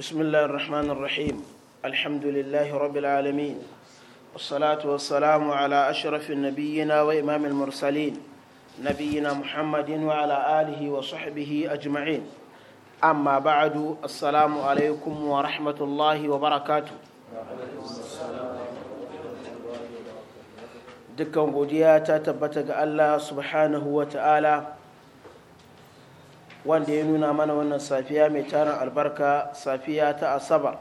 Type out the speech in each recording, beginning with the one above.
بسم الله الرحمن الرحيم الحمد لله رب العالمين والصلاة والسلام على أشرف النبينا وإمام المرسلين نبينا محمد وعلى آله وصحبه أجمعين أما بعد السلام عليكم ورحمة الله وبركاته dukkan godiya ta الله سبحانه وتعالى wanda ya nuna mana wannan safiya mai tarin albarka safiya ta asabar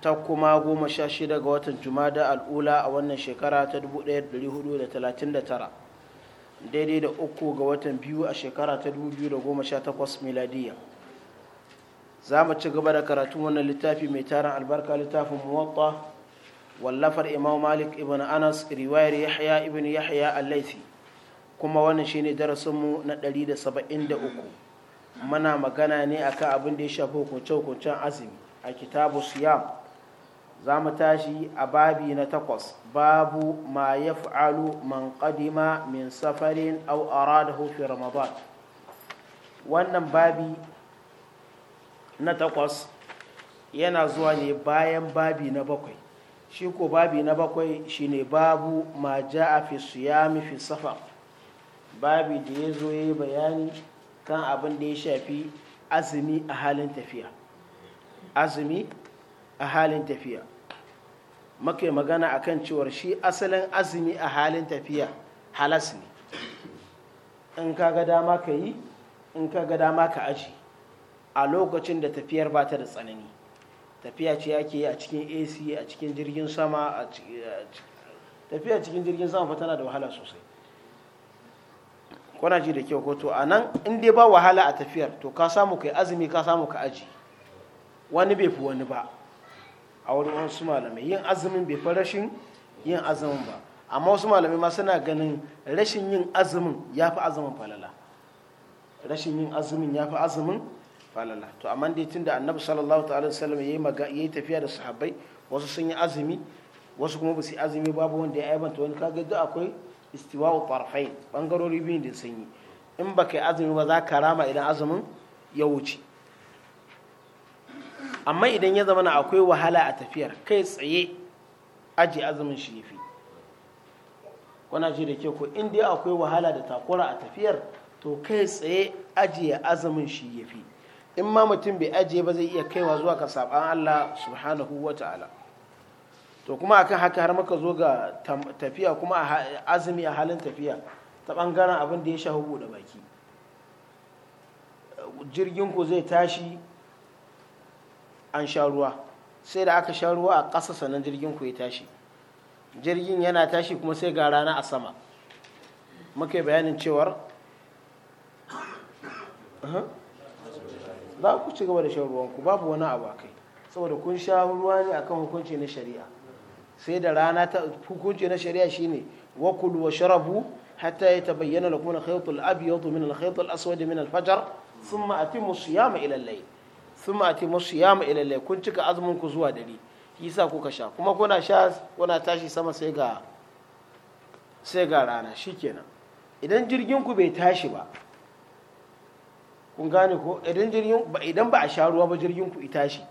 ta kuma goma sha shida ga watan jumada al'ula a wannan shekara ta 1439 daidai da uku ga watan biyu a shekara ta 2018 miladiya za mu ci gaba da karatun wannan littafi mai tarin albarka littafin muwatta wallafar imam malik ibn anas riwayar yahya ibn yahya al-laifi kuma wannan shine darasinmu na 173 muna magana ne akan abin da ya shafi hukunce-hukuncen azumi a kitabu siyam za mu tashi a babi na takwas babu ma ya fa'alu man kadima min safarin au da hufi ramadan wannan babi na takwas yana zuwa ne bayan babi na bakwai shi ko babi na bakwai shine babu ma a fi siyami fi safar babi da ya zo ya yi bayani kan abin da ya shafi azumi a halin tafiya azumi a halin tafiya maka magana akan cewar shi asalin azumi a halin tafiya halas ne in ka ga dama ka yi in ka ga dama ka aji a lokacin da tafiyar ba ta da tsanani tafiya ce ake yi a cikin ac a cikin jirgin sama tafiya cikin jirgin sama fa tana da wahala sosai kuna ji da kyau ko to a nan in dai ba wahala a tafiyar to ka samu kai azumi ka samu ka aji wani bai fi wani ba a wurin wasu malamai yin azumin bai fi rashin yin azumin ba amma wasu malamai ma suna ganin rashin yin azumin ya fi azumin falala rashin yin azumin ya fi azumin falala to amma dai tun da annabi sallallahu ta'ala wasallam ya yi tafiya da sahabbai wasu sun yi azumi wasu kuma ba su yi azumi babu wanda ya aibanta wani kaga duk akwai istiwa'u farfai bangarori biyun da sun yi in ba ka yi azumi ba za ka rama idan azumin ya wuce amma idan ya zama na akwai wahala a tafiyar kai tsaye aji azumin shi fi kuna ji da ke ko in dai akwai wahala da takura a tafiyar to kai tsaye ajiye azumin shi fi in ma mutum bai ajiye ba zai iya kaiwa zuwa ka saban Allah subhanahu wa ta'ala to kuma akan haka har maka zo ga tafiya kuma azumi a halin tafiya ta bangaren abin da ya sha hugu da baki jirgin ku zai tashi an sha ruwa sai da aka sha ruwa a ƙasa sannan jirgin ku ya tashi jirgin yana tashi kuma sai ga rana a sama yi bayanin cewar za ku ci gaba da shan ruwanku babu wani abu a kai saboda kun sha ruwa ne akan hukunci na shari'a sai da rana ta hukunci na shari'a shine wa kulu wa sharabu hatta ya tabayyana lakum al-khayt al-abyad min al-khayt al-aswad min al-fajr thumma atimu siyama ila al-layl thumma atimu siyama ila al-layl kun cika azumin ku zuwa dare yasa kuka sha kuma kuna sha kuna tashi sama sai ga sai ga rana shikenan idan jirgin ku bai tashi ba kun gane ko idan jirgin idan ba a sha ruwa ba jirgin ku ya tashi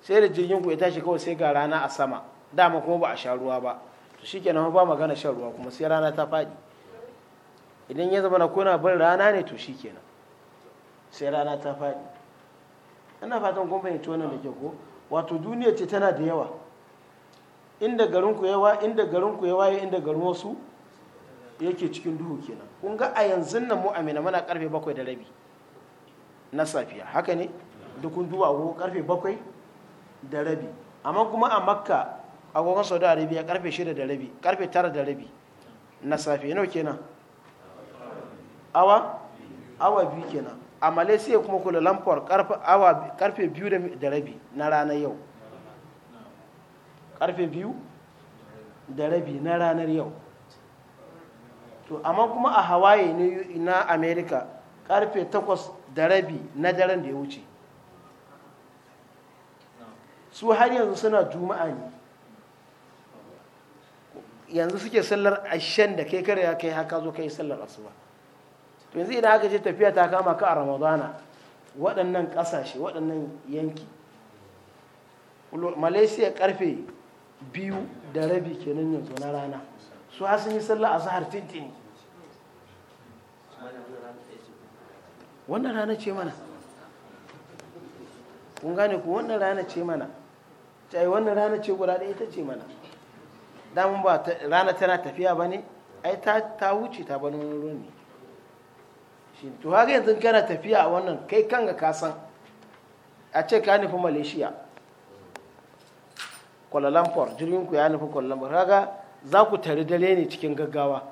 sai da jirgin ku ya tashi kawai sai ga rana a sama dama kuma ba a sha ruwa ba to kenan ba magana shan ruwa kuma sai rana ta faɗi idan ya zama na kuna bin rana ne to kenan sai rana ta faɗi ina fatan kun fahimci wannan da ke ko wato duniya ce tana da yawa inda garin ku yawa inda garin ku yawa inda garin wasu yake cikin duhu kenan kun ga a yanzu nan mu amina muna karfe bakwai da rabi na safiya haka ne duk kun duba ko karfe bakwai da rabi amma kuma a makka agogon saudi arabia karfe shida da rabi karfe tara da rabi na safe kenan awa awa biyu kenan a malaysia kuma kula lampor karfe biyu da rabi na ranar yau karfe biyu da rabi na ranar yau to amma kuma a hawaii na america karfe takwas da rabi na daren da ya wuce su har yanzu suna juma'a ne yanzu suke sallar ashen da kai kare ya kai haka zo kai sallar asuba to yanzu idan aka ce tafiya ta kama ka a ramadana waɗannan ƙasashe waɗannan yanki malaysia karfe biyu da rabi kenan yanzu na rana su har sun yi sallar azahar tintin wannan rana ce mana kun gane ku wannan rana ce mana ta yi wannan rana ce guda ɗaya ita ce mana damun ba rana tana tafiya ba ne ai ta wuce ta bani wani ruwan ne shi to haka yanzu kana tafiya a wannan kai kan ka san a ce ka nufi malaysia kuala lumpur jirgin ku ya nufi kuala lumpur haka za ku tare dare ne cikin gaggawa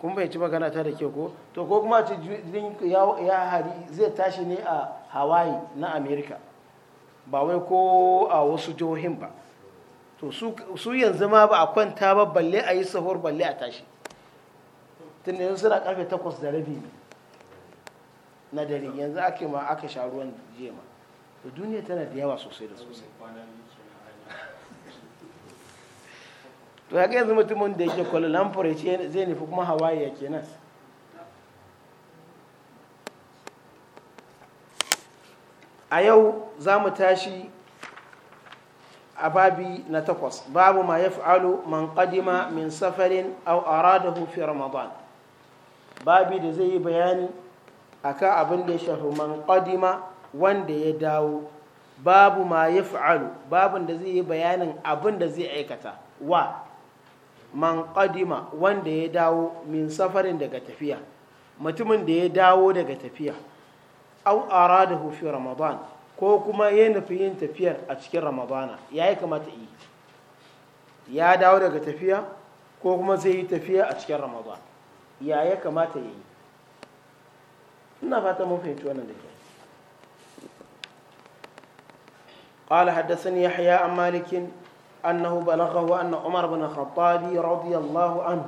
kun ci magana ta da ke ko to ko kuma ce jirgin ku ya hari zai tashi ne a hawaii na america ba wai ko a wasu jihohin ba to su yanzu ma ba a kwanta ba balle a yi sahur balle a tashi tun da yanzu suna karfe takwas da rabi na dare yanzu ake ma aka sha ruwan jiya ma to duniya tana da yawa sosai da sosai to haka yanzu mutumin da yake kwallo lamfura ce zai nufi kuma hawaii ya kenan a yau za mu tashi a babi na takwas babu ma ya fi'alu man qadima min safarin au aradahu fi ramadan babi da zai yi bayani akan abin da ya shafi man qadima wanda ya dawo babu ma ya fi'alu babin da zai yi bayanin abin da zai aikata wa man qadima wanda ya dawo min safarin daga tafiya mutumin da ya dawo daga tafiya au aradahu fi ramadan ko kuma ya nufi yin tafiyar a cikin ramadana ya yi kamata yi ya dawo daga tafiya ko kuma zai yi tafiya a cikin ramadana ya ya kamata ya yi ina fata mun fahimci wannan da ke قال حدثني يحيى عن مالك أنه بلغه أن عمر بن الخطاب رضي الله عنه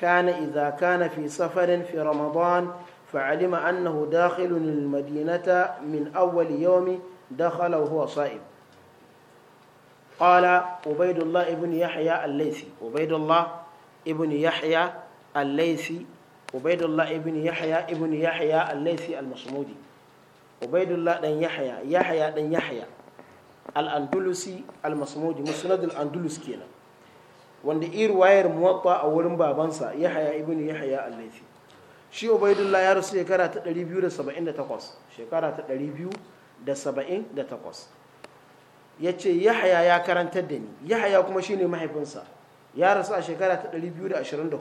كان إذا كان fi safarin fi رمضان فعلم أنه داخل المدينة من أول يوم دخل وهو صائم قال عبيد الله ابن يحيى الليثي عبيد الله ابن يحيى الليثي عبيد الله ابن يحيى ابن يحيى الليثي المصمودي عبيد الله بن يحيى يحيى بن يحيى الأندلسي المصمودي مسند الأندلس كينا wanda i ruwayar muwatta a wurin babansa yahaya ibn yahaya al-laifi shi ubaidullah ya rasu shekara ta 278 shekara ta 278 ya ce yahaya ya karantar da ni yahaya kuma shine mahaifinsa ya rasu a shekara ta 224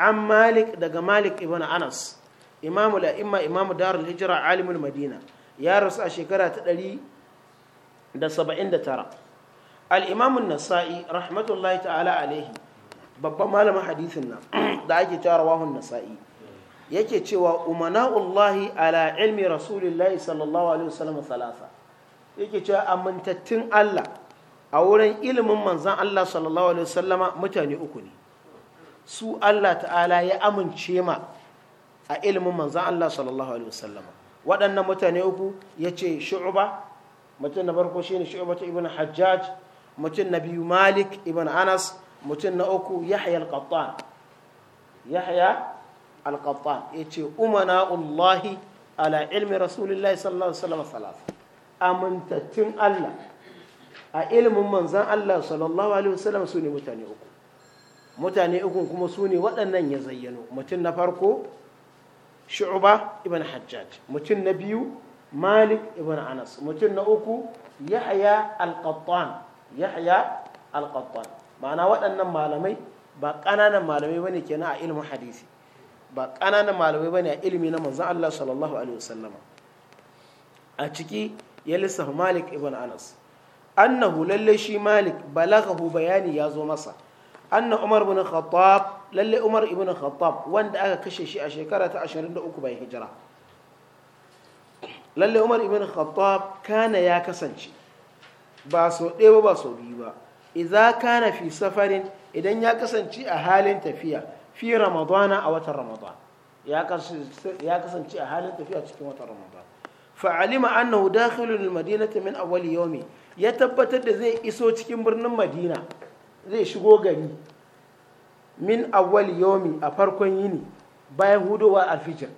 an malik daga malik ibn anas imamu la'imma imamu darul hijira alimul madina ya rasu a shekara ta 179 al'imamun nasa'i rahmatullahi ta'ala alaihi babban malamin hadisin nan da ake cewa rawahun nasa'i yake cewa umana'ullahi ala ilmi rasulillahi sallallahu alaihi wasallam thalatha yake cewa amintattun Allah a wurin ilimin manzan Allah sallallahu alaihi wasallama mutane uku ne su Allah ta'ala ya amince ma a ilimin manzan Allah sallallahu alaihi wasallama waɗannan mutane uku ya ce shu'uba mutum na farko shine shu'uba ta ibn hajjaj mutum na biyu malik ibn anas mutum na uku yahya al-qattan yahya al-qattan yace umana'ullahi ala ilmi rasulillahi sallallahu alaihi wasallam amintattun Allah a ilimin manzan Allah sallallahu alaihi wasallam su ne mutane uku mutane uku kuma su ne waɗannan ya zayyano mutum na farko shu'uba ibn hajjaj mutum na biyu malik ibn anas mutum na uku yahya al yahya al ma'ana waɗannan malamai ba ƙananan malamai bane kenan a ilimin hadisi ba ƙananan malamai bane a ilimi na manzon Allah sallallahu alaihi wasallama a ciki ya lissafa Malik ibn Anas annahu lalle shi Malik balaghahu bayani ya zo masa anna Umar ibn Khattab lalle Umar ibn Khattab wanda aka kashe shi a shekara ta 23 bayan hijira lalle Umar ibn Khattab kana ya kasance ba so ɗaya ba ba so biyu ba idza kana fi safarin idan ya kasance a halin tafiya fi ramadana a watan ramadan ya kasance a halin tafiya cikin watan ramadan fa'alima annahu dakhilul madinati min awwal yawmi ya tabbatar da zai iso cikin birnin madina zai shigo gari min awwal yawmi a farkon yini bayan hudowa alfijir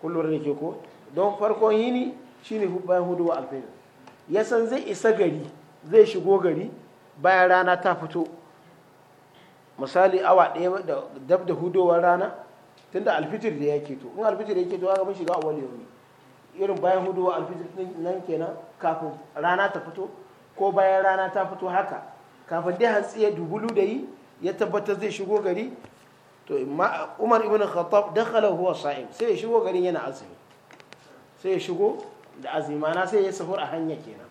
kullum da ke ko don farkon yini shine bayan hudowa alfijir ya san zai isa gari zai shigo gari bayan rana ta fito misali awa ɗaya da dab da hudowar rana da alfitir da ya to in alfitir ya to aka mun shiga awal yau irin bayan hudowa alfitir nan kenan kafin rana ta fito ko bayan rana ta fito haka kafin dai hantsi ya dubulu da yi ya tabbatar zai shigo gari to umar ibn khattab dakhala huwa sa'im sai ya shigo garin yana azumi sai ya shigo da azumi mana sai ya sahur a hanya kenan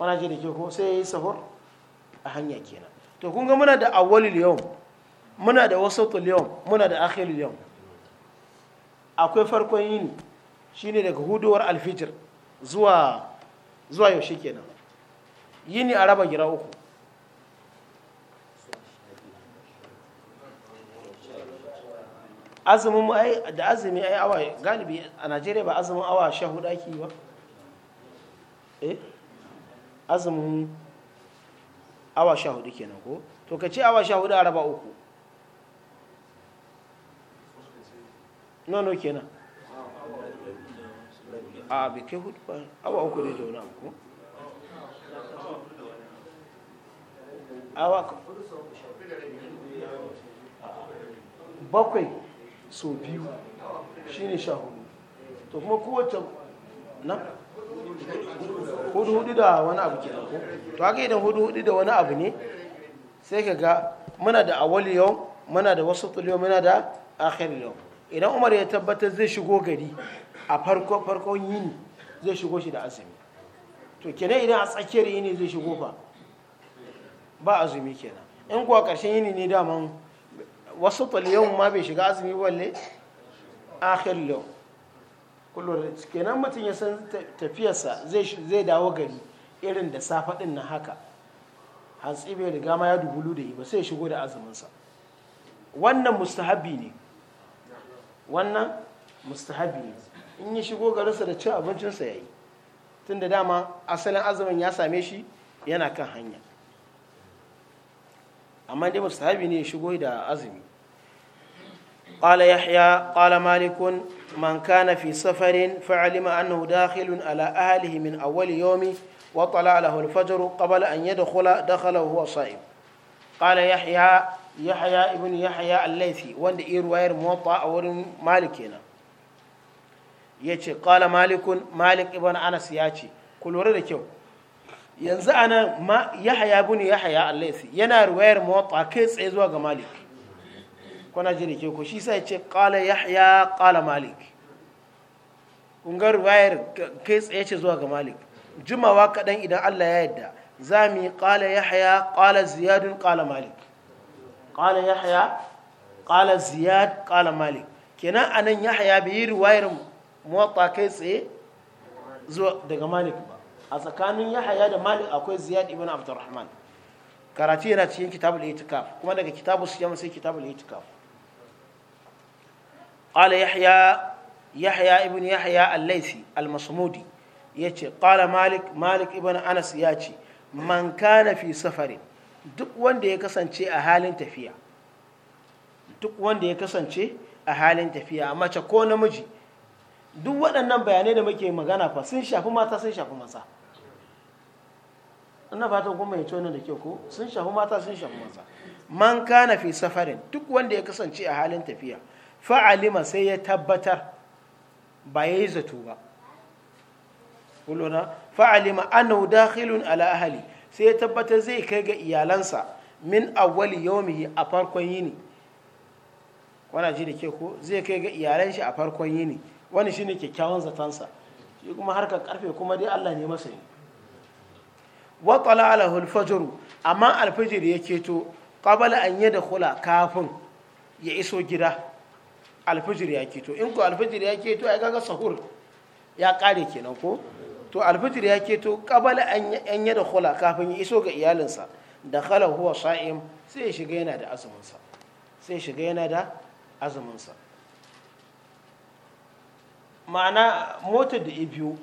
kwanaje da ke ko sai ya yi sahur a hanya kenan to kun ga muna da awwalul yawm muna da wasatul yawm muna da akhirul yawm akwai farkon yini shine daga huduwar alfijir zuwa zuwa yaushe kenan yini a raba gira uku azumin mu ai da azumi ai awa galibi a Najeriya ba azumin awa sha hudu ba eh azumin awa sha hudu kenan ko to ka ce awa sha hudu a raba uku nono nan a bai kai hudu ba awa uku ne da wani abu awa bakwai so biyu ne sha hudu to kuma kowace na hudu hudu da wani abu ke ko to haka idan hudu hudu da wani abu ne sai ka ga muna da awal yau muna da wasu yau muna da akhir yau idan umar ya tabbatar zai shigo gari a farko farkon yini zai shigo shi da azumi to kene idan a tsakiyar yini zai shigo fa ba azumi kenan in kuwa karshen yini ne daman wasu yau ma bai shiga azumi balle akhir yau kullum kenan mutum ya san tafiyarsa zai dawo gari irin da safa din na haka hantsi bai riga ma ya dubulu da yi ba sai shigo da azuminsa wannan mustahabi ne wannan mustahabi ne in ya shigo garinsa da cin abincinsa ya yi tun da dama asalin azumin ya same shi yana kan hanya amma dai mustahabi ne ya shigo da azumi قال يحيى قال مالك من كان في سفر فعلم أنه داخل على أهله من أول يوم وطلع له الفجر قبل أن يدخل دخل وهو صائم قال يحيى يحيى ابن يحيى الليثي وند إير وير موطأ أول مالكنا يتي قال مالك مالك ابن أنس ياتي كل ورد كيو ينزعنا ما يحيى ابن يحيى الليثي ينار وير موطأ كيس إزواج مالكي kuna ji da ke ko shi sai ce qala yahya qala malik kun wayar kai tsaye ce zuwa ga malik jumawa kaɗan idan Allah ya yadda za mu yi qala yahya qala ziyadun qala malik qala yahya qala ziyad qala malik kenan anan yahya bai yi ruwayar muwatta kai tsaye zuwa daga malik ba a tsakanin yahya da malik akwai ziyad ibn abdurrahman karatu yana cikin kitabul itikaf kuma daga kitabu kitabus siyam sai kitabul itikaf قال يحيى يحيى ابن يحيى الليثي المصمودي يتي قال مالك مالك ابن أنس ياتي man kana fi safarin duk wanda ya kasance a halin tafiya duk wanda ya kasance a halin tafiya mace ko namiji duk waɗannan bayanai da muke magana fa sun shafi mata sun shafi maza ina fatan kuma ya tona da kyau ko sun shafi mata sun shafi maza man kana fi safarin duk wanda ya kasance a halin tafiya fa'alima sai ya tabbatar ba ya yi zato ba kulona fa'alima annahu dakhilun ala ahali sai ya tabbatar zai kai ga iyalansa min awwali yawmihi a farkon yini wana ji da ke ko zai kai ga iyalan shi a farkon yini wani shine kyakkyawan zatonsa shi kuma harkar karfe kuma dai Allah ne masa yi wa tala ala amma fajr amma ya ceto yake to yi da kula kafin ya iso gida alfijir ya keto in ko alfijir ya keto ai kaga sahur ya kare kenan ko to alfijir ya keto qabala an yi da khula kafin ya iso ga iyalinsa da khala huwa sa'im sai ya shiga yana da azumin sa sai ya shiga yana da azumin sa ma'ana motar da ibiyu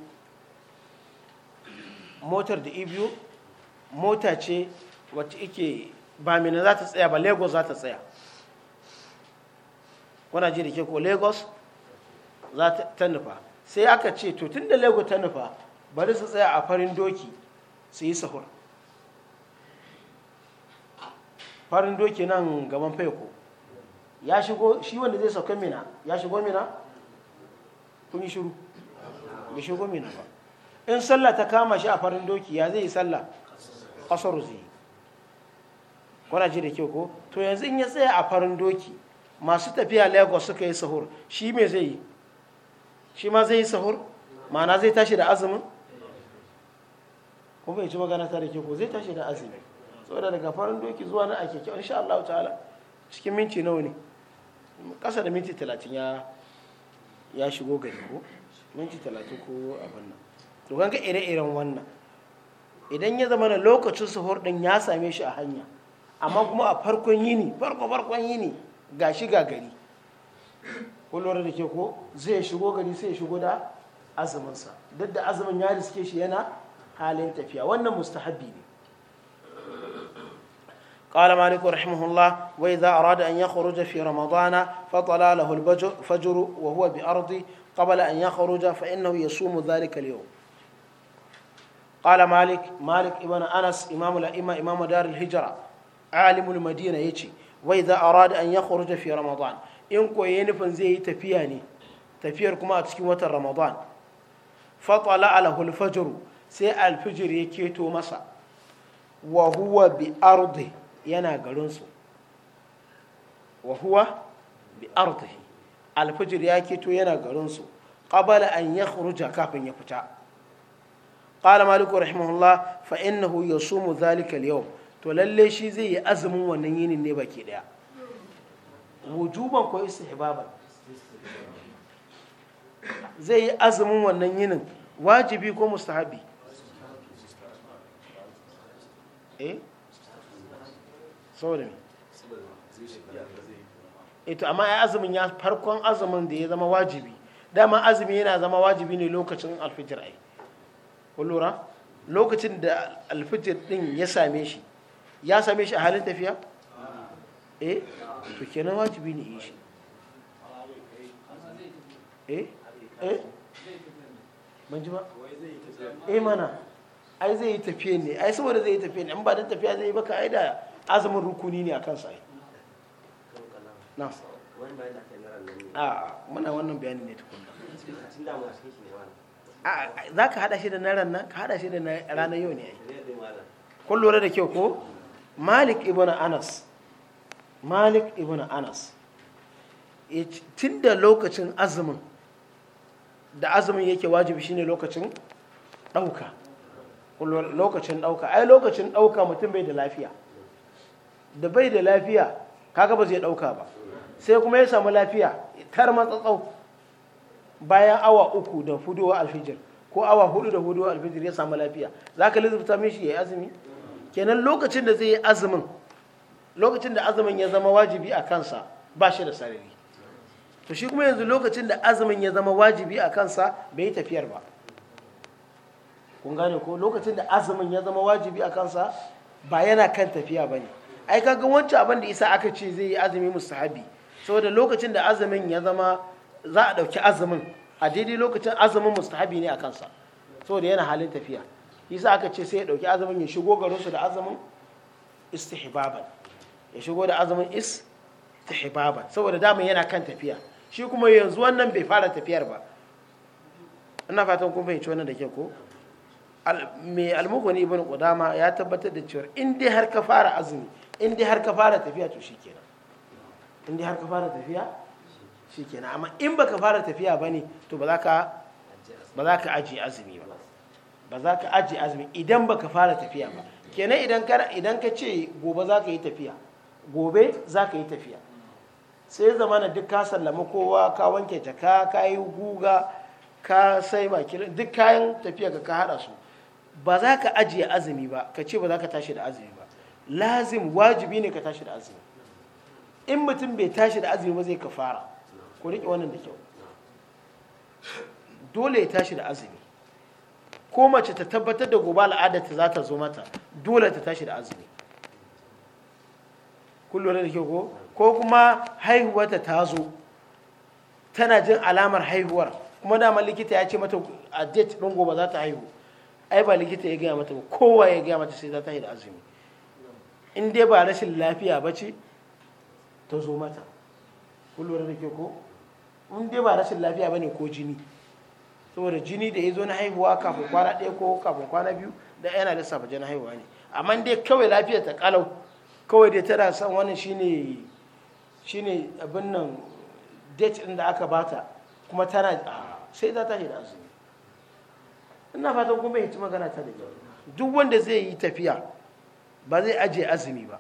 motar da ibiyu mota ce wacce yake ba mina za ta tsaya ba lagos za ta tsaya kuna ji da ke ko lagos za ta nufa sai aka ce to tun da lagos ta nufa bari su tsaya a farin doki su yi sahur farin doki nan gaban faiko ya shigo shi wanda zai sauka mina ya shigo mina kun yi shiru ya shigo mina ba in sallah ta kama shi a farin doki ya zai yi sallah kasar zai kuna da ke ko to yanzu in ya tsaya a farin doki masu tafiya lagos suka yi sahur shi me zai yi shi ma zai yi sahur ma'ana zai tashi da azumin kuma yi ci magana ta da ke ko zai tashi da azumi saboda daga farin doki zuwa na ake kyau insha Allah ta'ala cikin minti nawa ne kasa da minti talatin ya shigo gari ko minti talatin ko abin nan to ga ire-iren wannan idan ya zama na lokacin sahur din ya same shi a hanya amma kuma a farkon yini farko farkon yini ga shi ga gari kullum da ke ko zai shigo gari sai shigo da azuminsa duk da azumin ya riske shi yana halin tafiya wannan mustahabbi ne قال مالك رحمه الله وإذا أراد أن يخرج في رمضان فطلى له الفجر وهو بأرض قبل أن يخرج فإنه يصوم ذلك اليوم قال مالك مالك ابن أنس إمام الأئمة إمام دار الهجرة عالم المدينة يجي wai za a rada an ya khuruja fi ramadan in ko yayi nufin zai yi tafiya ne tafiyar kuma a cikin watan ramadan fatala alahu alfajr sai alfijir ya keto masa wa huwa bi ardi yana garinsu wa huwa bi alfijir ya keto yana garin su an an yakhruja kafin ya fita qala maliku rahimahullah fa innahu ya sumu zalikal yau to lalle shi zai yi azumin wannan yinin ne baki daya wujuban ko istihbaban zai yi azumin wannan yinin wajibi ko mustahabi eh saboda ito eh, amma ya azumin ya farkon azumin da ya zama wajibi dama azumi yana zama wajibi ne lokacin alfijir ai kullura lokacin da alfijir din ya same shi ya same shi a halin tafiya eh to kenan wajibi ne yi shi eh eh ban ji ba eh mana ai zai yi tafiya ne ai saboda zai yi tafiya ne in ba dan tafiya zai yi baka ai da azumin rukuni ne a sa ai na a muna wannan bayanin ne tukunna a za ka hada shi da na ranar ka hada shi da ranar yau ne ai kun lura da kyau ko malik ibn anas malik ibn anas tinda lokacin azumin da azumin yake wajibi shine lokacin ɗauka lokacin ɗauka ai lokacin ɗauka mutum bai da lafiya da bai da lafiya kaga ba zai ɗauka ba sai kuma ya samu lafiya tar matsatsau bayan awa uku da hudu alfijir ko awa hudu da hudu alfijir ya samu lafiya za ka lizubta mishi ya yi azumi kenan lokacin da zai yi azumin lokacin da azumin ya zama wajibi a kansa ba shi da sarari to shi kuma yanzu lokacin da azumin ya zama wajibi a kansa bai yi tafiyar ba kun gane ko lokacin da azumin ya zama wajibi a kansa ba yana kan tafiya ba ne ai kaga wancan abin da isa aka ce zai yi azumi mustahabi saboda lokacin da azumin ya zama za a ɗauki azumin a daidai lokacin azumin mustahabi ne a kansa saboda yana halin tafiya yasa aka ce sai ya dauki azumin ya shigo garin su da azumin istihbaban ya shigo da azumin istihbaban saboda daman yana kan tafiya shi kuma yanzu wannan bai fara tafiyar ba ina fatan kun fahimci wannan da ke ko me almuhuni ibn qudama ya tabbatar da cewa in dai har ka fara azumi in dai har ka fara tafiya to shikenan in dai har ka fara tafiya shikenan amma in baka fara tafiya bane to ba za ka ba za ka ajiye azumi ba ba za ka ajiye azumi idan ba ka fara tafiya ba kenan idan ka ce gobe za ka yi tafiya gobe za ka yi tafiya sai zama na duk ka sallama kowa ka wanke jaka ka yi guga ka sai ba kiran duk kayan tafiya ka haɗa su ba za ka ajiye azumi ba ka ce ba za ka tashi da azumi ba lazim wajibi ne ka tashi da azumi in mutum bai tashi da azumi ba zai ka fara ku riƙe wannan da kyau dole ya tashi da azumi ko mace ta tabbatar da gobe al'adarta za ta zo mata dole ta tashi da azumi kullum da ke ko ko kuma haihuwarta ta zo tana jin alamar haihuwar kuma dama likita ya ce mata a date ɗin gobe za ta haihu ai ba likita ya gaya mata ba kowa ya gaya mata sai za ta yi da azumi in dai ba rashin lafiya ba ce ta zo mata kullum da ke ko in dai ba rashin lafiya ba ne ko jini saboda jini da ya zo na haihuwa kafin kwana ɗaya ko kafin kwana biyu da yana da sabajen haihuwa ne amma dai kawai lafiya ta kalau kawai dai tana son wannan shine shine abin nan date din da aka bata kuma tana sai za ta da su ina fatan kuma yi magana ta da duk wanda zai yi tafiya ba zai aje azumi ba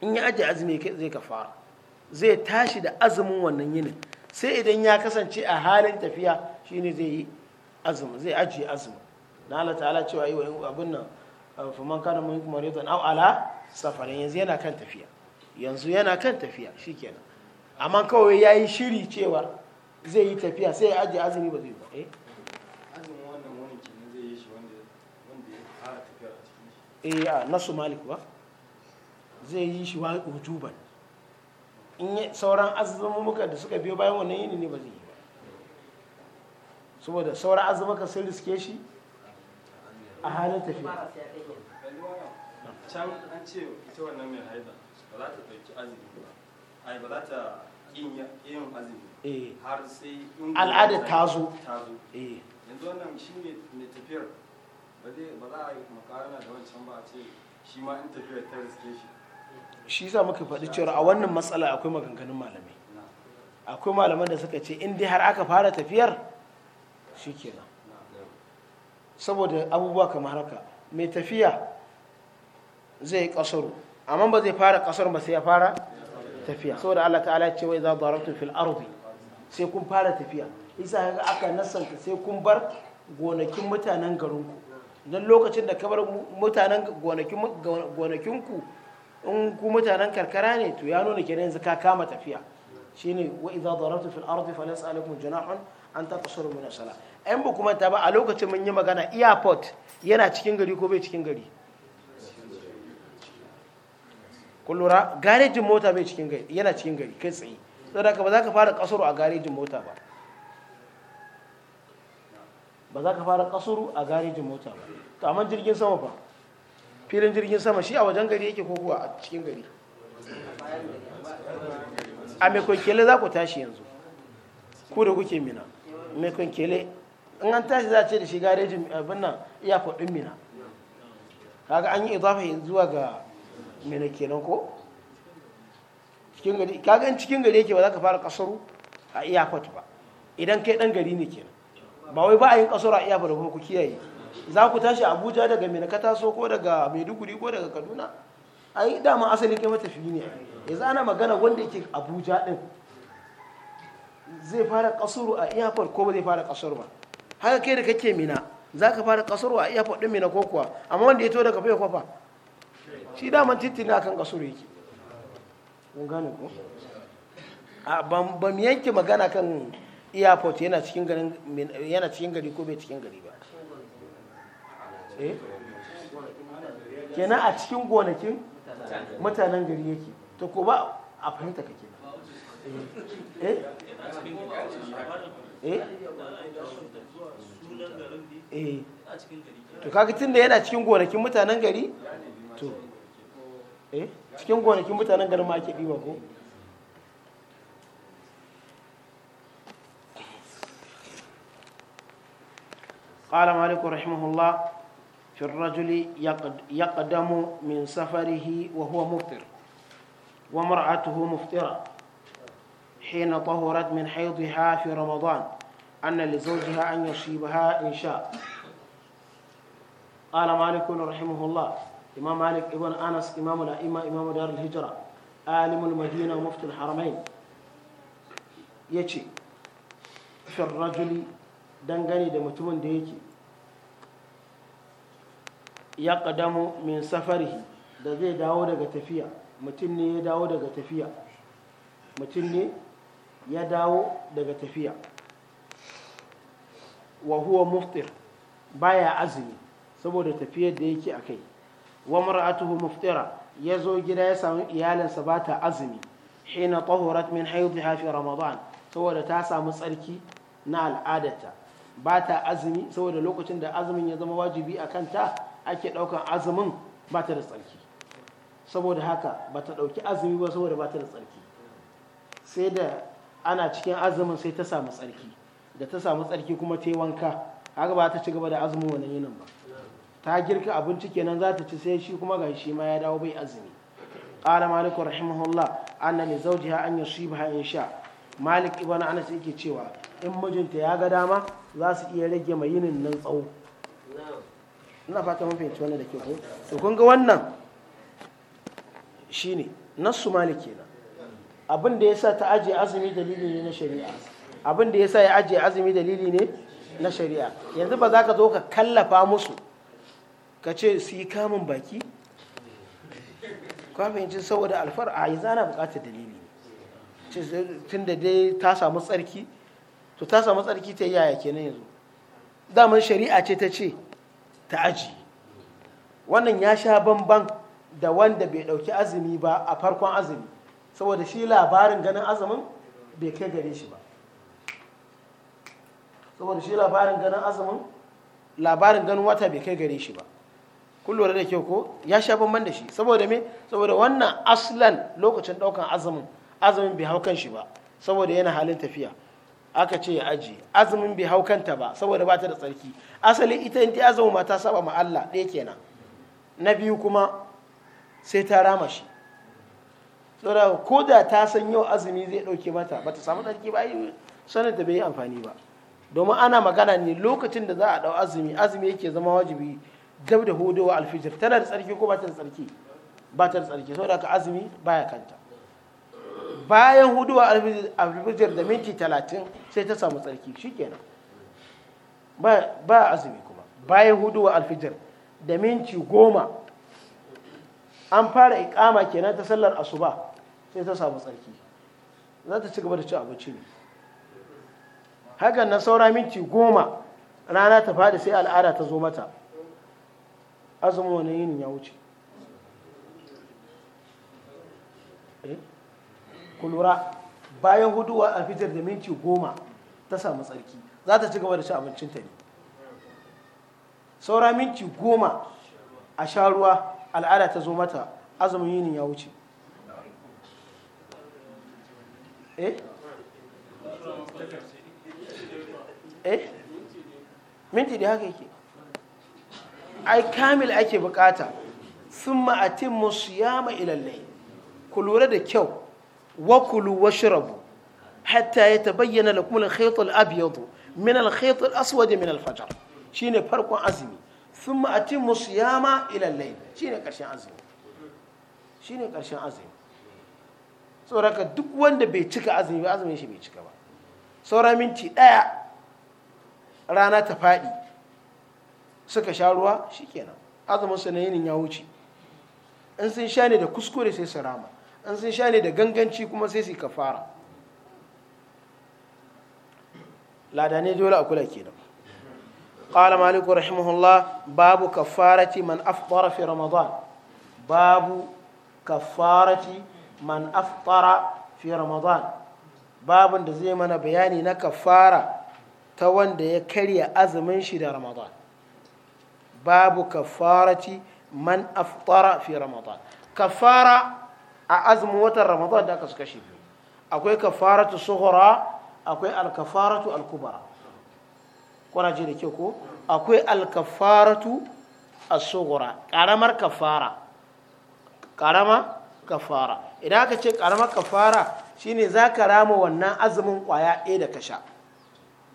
in ya aje azumi zai ka fara zai tashi da azumin wannan yinin sai idan ya kasance a halin tafiya shine zai yi azumi zai ajiye azumi na Allah ta'ala cewa yi wa abin nan fuman kana mun kuma reza au ala safarin yanzu yana kan tafiya yanzu yana kan tafiya shikenan amma kawai ya yi shiri cewa zai yi tafiya sai ya ajiye azumi ba zai ba eh eh a nasu malik ba zai yi shi wa ujuban in sauran azumin muka da suka biyo bayan wannan yini ne ba zai yi saboda sauran azumaka sun riske shi a halin tafiya can an ce ita wannan mai haida ba za ta ɗauki azumi ba ai ba za ta yin azumi eh. har sai al'ada ta zo eh. yanzu wannan shi ne mai tafiyar ba za a yi makarana da wancan ba a ce shi ma in tafiyar ta riske shi shi sa muka faɗi cewa a wannan matsala akwai maganganun malamai akwai malaman da suka ce in dai har aka fara tafiyar shi kenan saboda abubuwa kamar haka mai tafiya zai kasaru amma ba zai fara kasar ba sai ya fara tafiya saboda Allah ta'ala ce wai za darabtu fil ardi sai kun fara tafiya isa kaga aka nasanta sai kun bar gonakin mutanen garinku don lokacin da ka bar mutanen ku in ku mutanen karkara ne to ya nuna kenan yanzu ka kama tafiya shine wa idza darabtu fil ardi falaysa alaykum junahun an ta tasoro min sala ayan ba kuma ta ba a lokacin mun yi magana airport yana cikin gari ko bai cikin gari kullura lura garejin mota bai cikin gari yana cikin gari kai tsaye saboda ka ba za ka fara kasoro a garejin mota ba ba za ka fara kasoro a garejin mota ba to amma jirgin sama fa filin jirgin sama shi a wajen gari yake ko kuwa a cikin gari a mai kwaikele za ku tashi yanzu ku da kuke mina mai kwankele in an tashi za a ce da shiga rejin abin nan iya faɗin mina kaga an yi idafa zuwa ga mina kenan ko kaga in cikin gari yake ba za ka fara kasaru a iyakot ba idan kai dan gari ne kenan ba wai ba a yin kasaru a iyakot ba ku kiyaye za ku tashi abuja daga mina ka taso ko daga maiduguri ko daga kaduna yi dama asali kai matafi ne yanzu ana magana wanda yake abuja din zai fara kasuru a iyafar ko ba zai fara kasuru ba haka kai da kake mina za ka fara kasuru a iyafar ɗin mina ko kuwa amma wanda ya to daga ya kwafa. shi daman titin na kan kasuru yake kun gane ko a ba mu yanke magana kan iyafar yana cikin yana cikin gari ko bai cikin gari ba Kena eh? kenan a cikin gonakin mutanen gari yake to ko ba a fahimta kake eh Eh? eh to kaga tunda yana cikin gonakin mutanen gari to eh cikin gonakin mutanen garin ma ake diba ko قال مالك رحمه الله في الرجل يقدم من سفره وهو مفطر وامرأته مفطرة حين طهرت من حيضها في رمضان أن لزوجها أن يصيبها إن شاء قال مالك رحمه الله إمام مالك ابن أنس إمام الأئمة إمام دار الهجرة عالم المدينة ومفتي الحرمين يجي في الرجل دنغني da mutumin da yake ya kadamu min safarihi da zai dawo daga tafiya mutum ne ya dawo daga tafiya mutum ne ya dawo daga tafiya wa huwa muftir baya azumi saboda tafiyar da yake akai wa mar'atuhu muftira ya zo gida ya samu iyalinsa ba ta azumi hina tahurat min haidha fi ramadan saboda ta samu tsarki na al'adarta ba ta azumi saboda lokacin da azumin ya zama wajibi a kanta ake ɗaukan azumin ba ta da tsarki saboda haka ba ta ɗauki azumi ba saboda ba ta da tsarki sai da ana cikin azumin sai ta samu tsarki da ta samu tsarki kuma ta yi wanka haka ba ta ci gaba da azumin wani yinin ba ta girka abinci kenan za ta ci sai shi kuma ga shi ma ya dawo bai azumi qala maliku rahimahullah anna li zawjiha an ba in sha malik ibn anas yake cewa in mijinta ya ga dama za su iya rage mai yinin nan tsawo ina fata mun fahimci wannan da ke to kun ga wannan shine nassu malik kenan abin da ya sa ta ajiye azumi dalili ne na shari'a abin da ya sa ya ajiye azumi dalili ne na shari'a yanzu ba za ka zo ka kallafa musu ka ce su yi kamun baki kwafinci saboda alfar a yi zana bukatar dalili tun da dai ta samu tsarki to ta samu tsarki ta yaya kenan yanzu damar shari'a ce ta ce ta aji wannan ya sha bamban da wanda bai dauki azumi ba a farkon azumi saboda shi labarin ganin azumin bai kai gare shi ba saboda shi labarin ganin azumin labarin ganin wata bai kai gare shi ba kun lura da kyau ko ya sha bamban da shi saboda me saboda wannan aslan lokacin daukan azumin azumin bai hau kan shi ba saboda yana halin tafiya aka ce ya aji azumin bai hau ta ba saboda ba ta da tsarki asali ita in ta azumi ma ta saba ma Allah ɗaya kenan na biyu kuma sai ta rama shi saboda ko da ta san yau azumi zai ɗauke mata bata samu tsarki ba yi sanin da bai yi amfani ba domin ana magana ne lokacin da za a ɗau azumi azumi yake zama wajibi gab da hudowa alfijir tana da tsarki ko ba ta da tsarki ba ta da tsarki saboda ka azumi baya kanta bayan hudowa alfijir da minti talatin sai ta samu tsarki shikenan ba ba azumi kuma bayan hudowa alfijir da minti goma an fara ikama kenan ta sallar asuba sai ta samu tsarki za ta ci gaba da ci abinci ne hakan na saura minti goma rana ta faɗi sai al'ada ta zo mata azumi wani yinin ya wuce eh? kulura bayan huduwa a fitar da minti goma ta samu tsarki za ta ci gaba da ci abincinta ne saura minti goma a sha ruwa al'ada ta zo mata azumin yinin ya wuce eh eh minti da haka yake ai kamil ake bukata sun ma'atin musu yama ilallai ku lura da kyau wa kulu wa shirabu hatta ya bayyana da kuma alkhaitul abiyadu min alkhaitul aswadi min alfajar shine farkon azumi sun ma'atin musu yama ilallai shine karshen azumi shine karshen azumi tsoraka duk wanda bai cika azumi ba azumin shi bai cika ba saura minti ɗaya rana ta faɗi suka sha ruwa kenan azumin su na yinin ya wuce in sun sha ne da kuskure sai su rama in sun sha ne da ganganci kuma sai su kafara lada ne dole a kula kenan قال مالك رحمه الله باب كفارة من أفطر في رمضان باب كفارة man aftara fi ramadan babin da zai mana bayani na kafara ta wanda ya karya azumin shi da ramadan babu kafarati man aftara fi ramadan kafara a azumin watan ramadan da aka kashi biyu akwai kafaratu suhura akwai alkafaratu alkubara kuna ji da ke ko akwai alkafaratu asughra ƙaramar kafara ƙarama. kafara idan aka ce karamar kafara shine za ka rama wannan azumin kwaya ɗaya da ka sha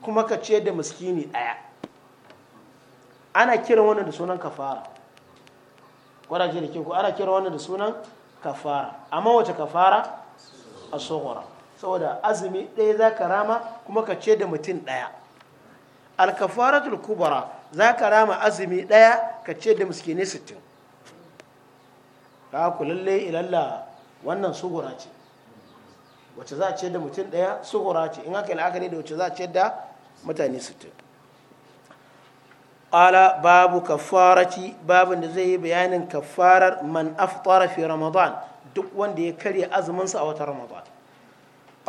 kuma ka ce da muskini ɗaya ana kiran wannan da sunan kafara kwaraje da ke ku ana kiran wannan da sunan kafara amma wace kafara a tsohora saboda azumi ɗaya za ka rama kuma ka ce da mutum ɗaya alkafaratul kubara za ka rama azumi ɗaya ka ce da muskini sittin ka ku lalle ilalla wannan sugura ce wacce za a ce da mutum ɗaya sugura ce in aka la'akari da wacce za a ce da mutane sittin ƙala babu kafarati babin da zai yi bayanin kafarar man aftara fi ramadan duk wanda ya karya azuminsa a wata ramadan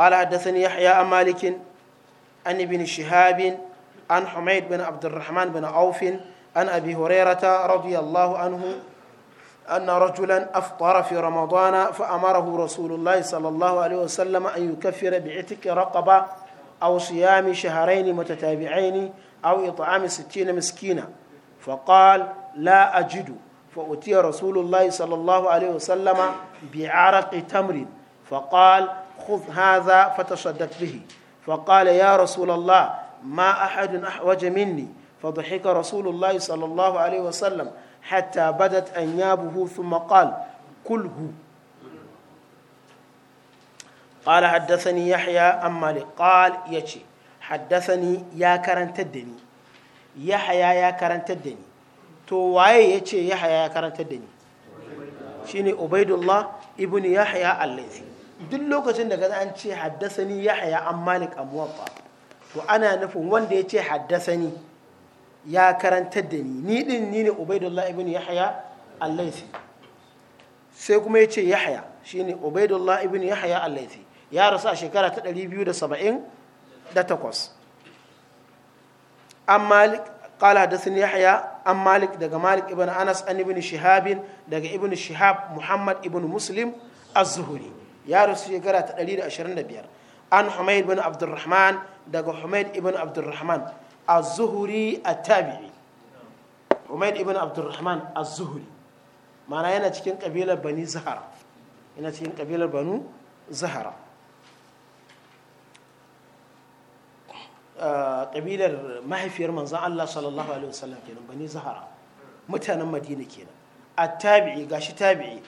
قال حدثني يحيى عن مالك عن ابن شهاب عن حميد بن عبد الرحمن بن عوف عن ابي هريره رضي الله أن رجلا أفطر في رمضان فأمره رسول الله صلى الله عليه وسلم أن يكفر بعتق رقبة أو صيام شهرين متتابعين أو إطعام ستين مسكينا فقال لا أجد فأتي رسول الله صلى الله عليه وسلم بعرق تمر فقال خذ هذا فتصدق به فقال يا رسول الله ما أحد أحوج مني فضحك رسول الله صلى الله عليه وسلم حتى بدت أنيابه ثم قال qala kulhu قال حدثني يحيى عن مالك قال يجي حدثني يا كرنت الدني يحيى يا كرنت الدني تو واي يجي يحيى يا كرنت الدني شيني عبيد الله ابن يحيى الذي duk lokacin da kaza an ce haddasa ni ya haya an malik a muwaffa to ana nufin wanda ya ce haddasa ni ya karanta da ni ni din ni ne ubaidullah ibn yahya al-laythi sai kuma ya ce yahya shine ubaidullah ibn yahya al-laythi ya rasu a shekara ta 270 da takwas an malik kala da sun yahya an malik daga malik ibn anas an ibn shihabin daga ibn shihab muhammad ibn muslim az-zuhuri ya rasu shekara ta 125 an humayd ibn abdurrahman daga humayd ibn abdurrahman az-zuhri at-tabi'i umayd ibn abdurrahman az-zuhri ma'ana yana cikin kabilar bani zahara yana cikin kabilar banu zahara kabilar ah, mahaifiyar manzan Allah sallallahu alaihi wasallam mutanen madina kenan at-tabi'i gashi tabi'i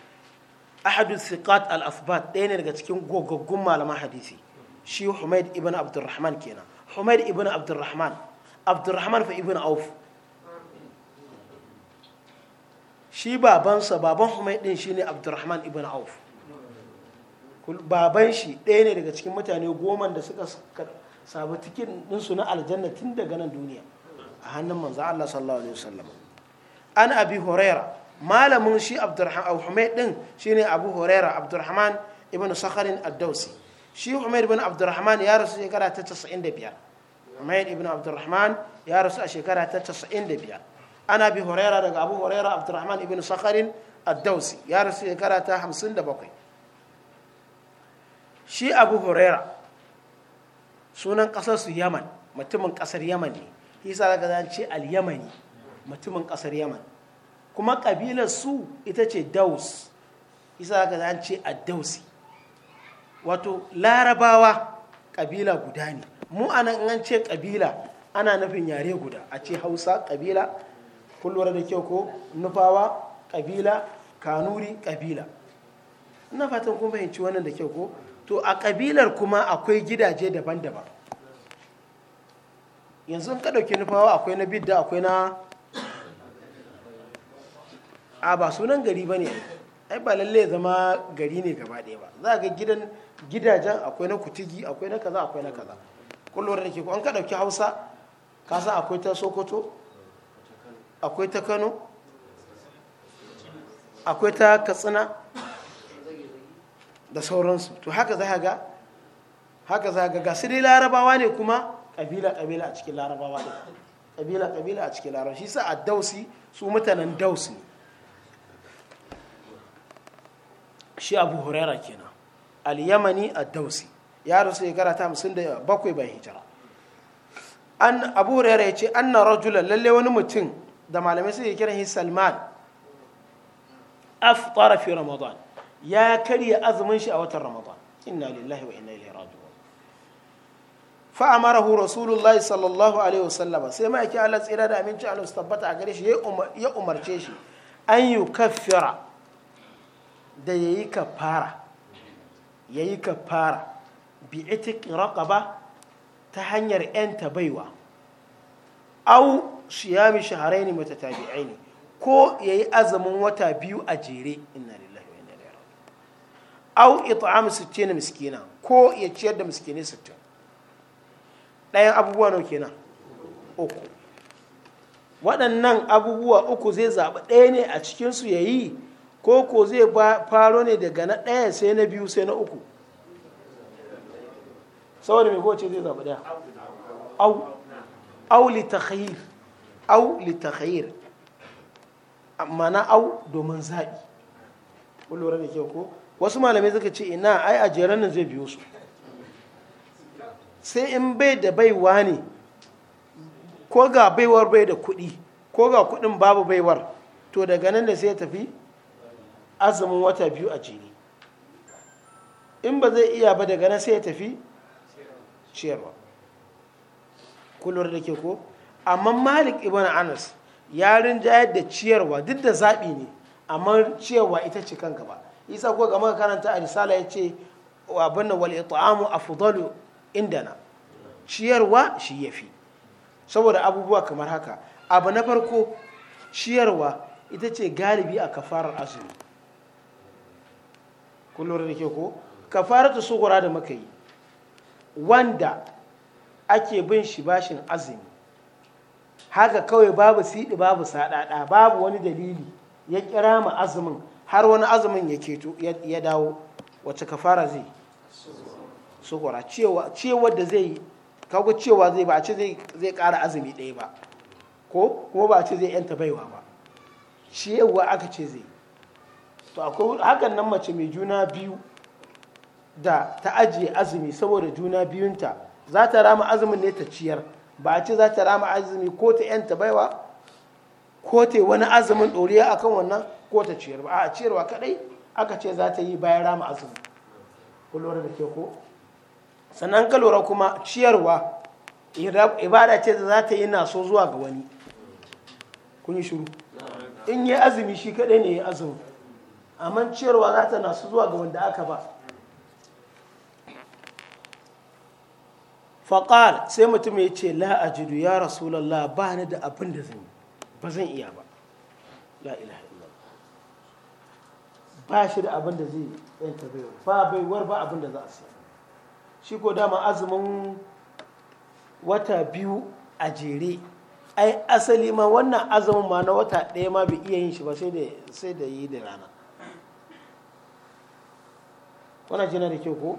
ahadu thiqat al-athbat ɗaya ne daga cikin gogaggun malaman hadisi shi Humaid ibn Abdurrahman kenan Humaid ibn Abdurrahman abdurrahman fa ibn auf shi babansa baban humai din shi ne abdurrahman ibn auf baban shi ɗaya ne daga cikin mutane goma da suka sabu tikin ɗinsu na aljanna tun daga nan duniya a hannun manzo Allah sallallahu alaihi wasallam an abi huraira malamin shi abdurrahman au humayd din shine abu huraira abdurrahman ibn sakharin ad-dawsi shi humayd ibn abdurrahman ya rasu shekara ta 95 Umayyad ibn Abdurrahman ya rasu a shekara ta 95 ana bi Huraira daga Abu Huraira Abdurrahman ibn Sakharin Ad-Dawsi ya rasu shekara ta 57 shi Abu horera sunan kasar su Yaman mutumin kasar Yaman ne yasa daga zan ce al-Yamani mutumin kasar Yaman kuma kabilar su ita ce Daws yasa daga zan ce Ad-Dawsi wato larabawa kabila guda ne mu anan an ce kabila ana nufin yare guda a ce hausa kabila kullum da kyau ko nufawa kabila kanuri kabila ina fatan kuma fahimci wannan da kyau ko to a kabilar kuma akwai gidaje daban-daban yanzu ka ɗauki nufawa akwai na bidda akwai na a ba sunan gari ba ne ai ba lalle zama gari ne gaba ɗaya ba za a ga gidan gidajen akwai na kutigi akwai na kaza akwai na kaza kullum da ke kuwa an ka ɗauki hausa ka san akwai ta sokoto akwai ta kano akwai ta katsina da sauransu to haka za ga haka za ga ga dai larabawa ne kuma ƙabila-ƙabila a cikin larabawa ne ƙabila-ƙabila a cikin larabawa shi sa a dausi su mutanen dausi ne shi abu huraira kenan al-yamani a dausi ya rasu yi karata hamsin da bakwai bayan hijira an abu hurairah ya ce anna rajula lalle wani mutum da malamai suke kiran shi salman aftara fi ramadan ya karya azumin shi a watan ramadan inna lillahi wa inna ilaihi raji'un fa amarahu rasulullahi sallallahu alaihi wasallam sai ma yake Allah tsira da aminci Allah su tabbata a gare shi ya umarce shi an yi kafira da yayi kafara yayi kafara bi itiq raqaba ta hanyar yanta baiwa au siyami shaharaini ne ko yayi azumin wata biyu a jere inna lillahi wa inna ilaihi au it'am 60 miskina ko ya ciyar da miskine 60 ɗayan abubuwa nau kenan uku waɗannan abubuwa uku zai zaɓi ɗaya ne a cikinsu ya yi ko ko zai faro ne daga na ɗaya sai na biyu sai na uku saboda mai kowace zai zaɓi ɗaya au au litakhayir au litakhayir amma na au domin zaɓi kun lura da kyau ko wasu malamai suka ce ina ai a jeren nan zai biyo su sai in bai da baiwa ne ko ga baiwar bai da kuɗi ko ga kuɗin babu baiwar to daga nan da sai ya tafi azumin wata biyu a jini in ba zai iya ba daga nan sai ya tafi ciyarwa kullum da ke ko amma malik ibn anas ya rinjayar da ciyarwa duk da zaɓi ne amma ciyarwa ita ce kan gaba isa ko ga karanta a risala ya ce abin da wal it'amu afdalu indana ciyarwa shi ya fi. saboda abubuwa kamar haka abu na farko ciyarwa ita ce galibi a kafarar azumi kullum da ke ko kafaratu sugura da muka yi wanda ake bin shi bashin azumi haka kawai babu siɗi babu saɗaɗa babu wani dalili ya kira ma azumin har wani azumin ya keto ya dawo wacce fara zai tsohora cewa da zai cewa zai ba a ce zai ƙara azumi ɗaya ba ko kuma ba a ce zai yanta baiwa ba cewa aka ce zai to akwai hakan nan mace mai juna biyu da ta ajiye azumi saboda juna biyunta za ta rama azumin ne ta ciyar ba a ce za ta rama azumi ko ta yanta baiwa ko ta wani azumin ɗoriya a kan wannan ko ta ciyar ba a ciyarwa kadai aka ce za ta yi bayan rama azumi ku da ke ko sannan ka lura kuma ciyarwa ibada ce da za ta yi naso zuwa ga wani kun yi shuru in yi azumi shi kadai ne ya azumi amma ciyarwa za ta naso zuwa ga wanda aka ba faƙal sai mutum ya ce la'ajidu ya ya rasulallah ba ni da abin da zan yi ba zan iya ba la ilaha illallah ba shi da abin da zai yanta baiwar ba baiwar ba abin da za a sa shi ko dama azumin wata biyu a jere ai asali ma wannan azumin ma na wata ɗaya ma bai iya yin shi ba sai da yi da rana wannan jina da kyau ko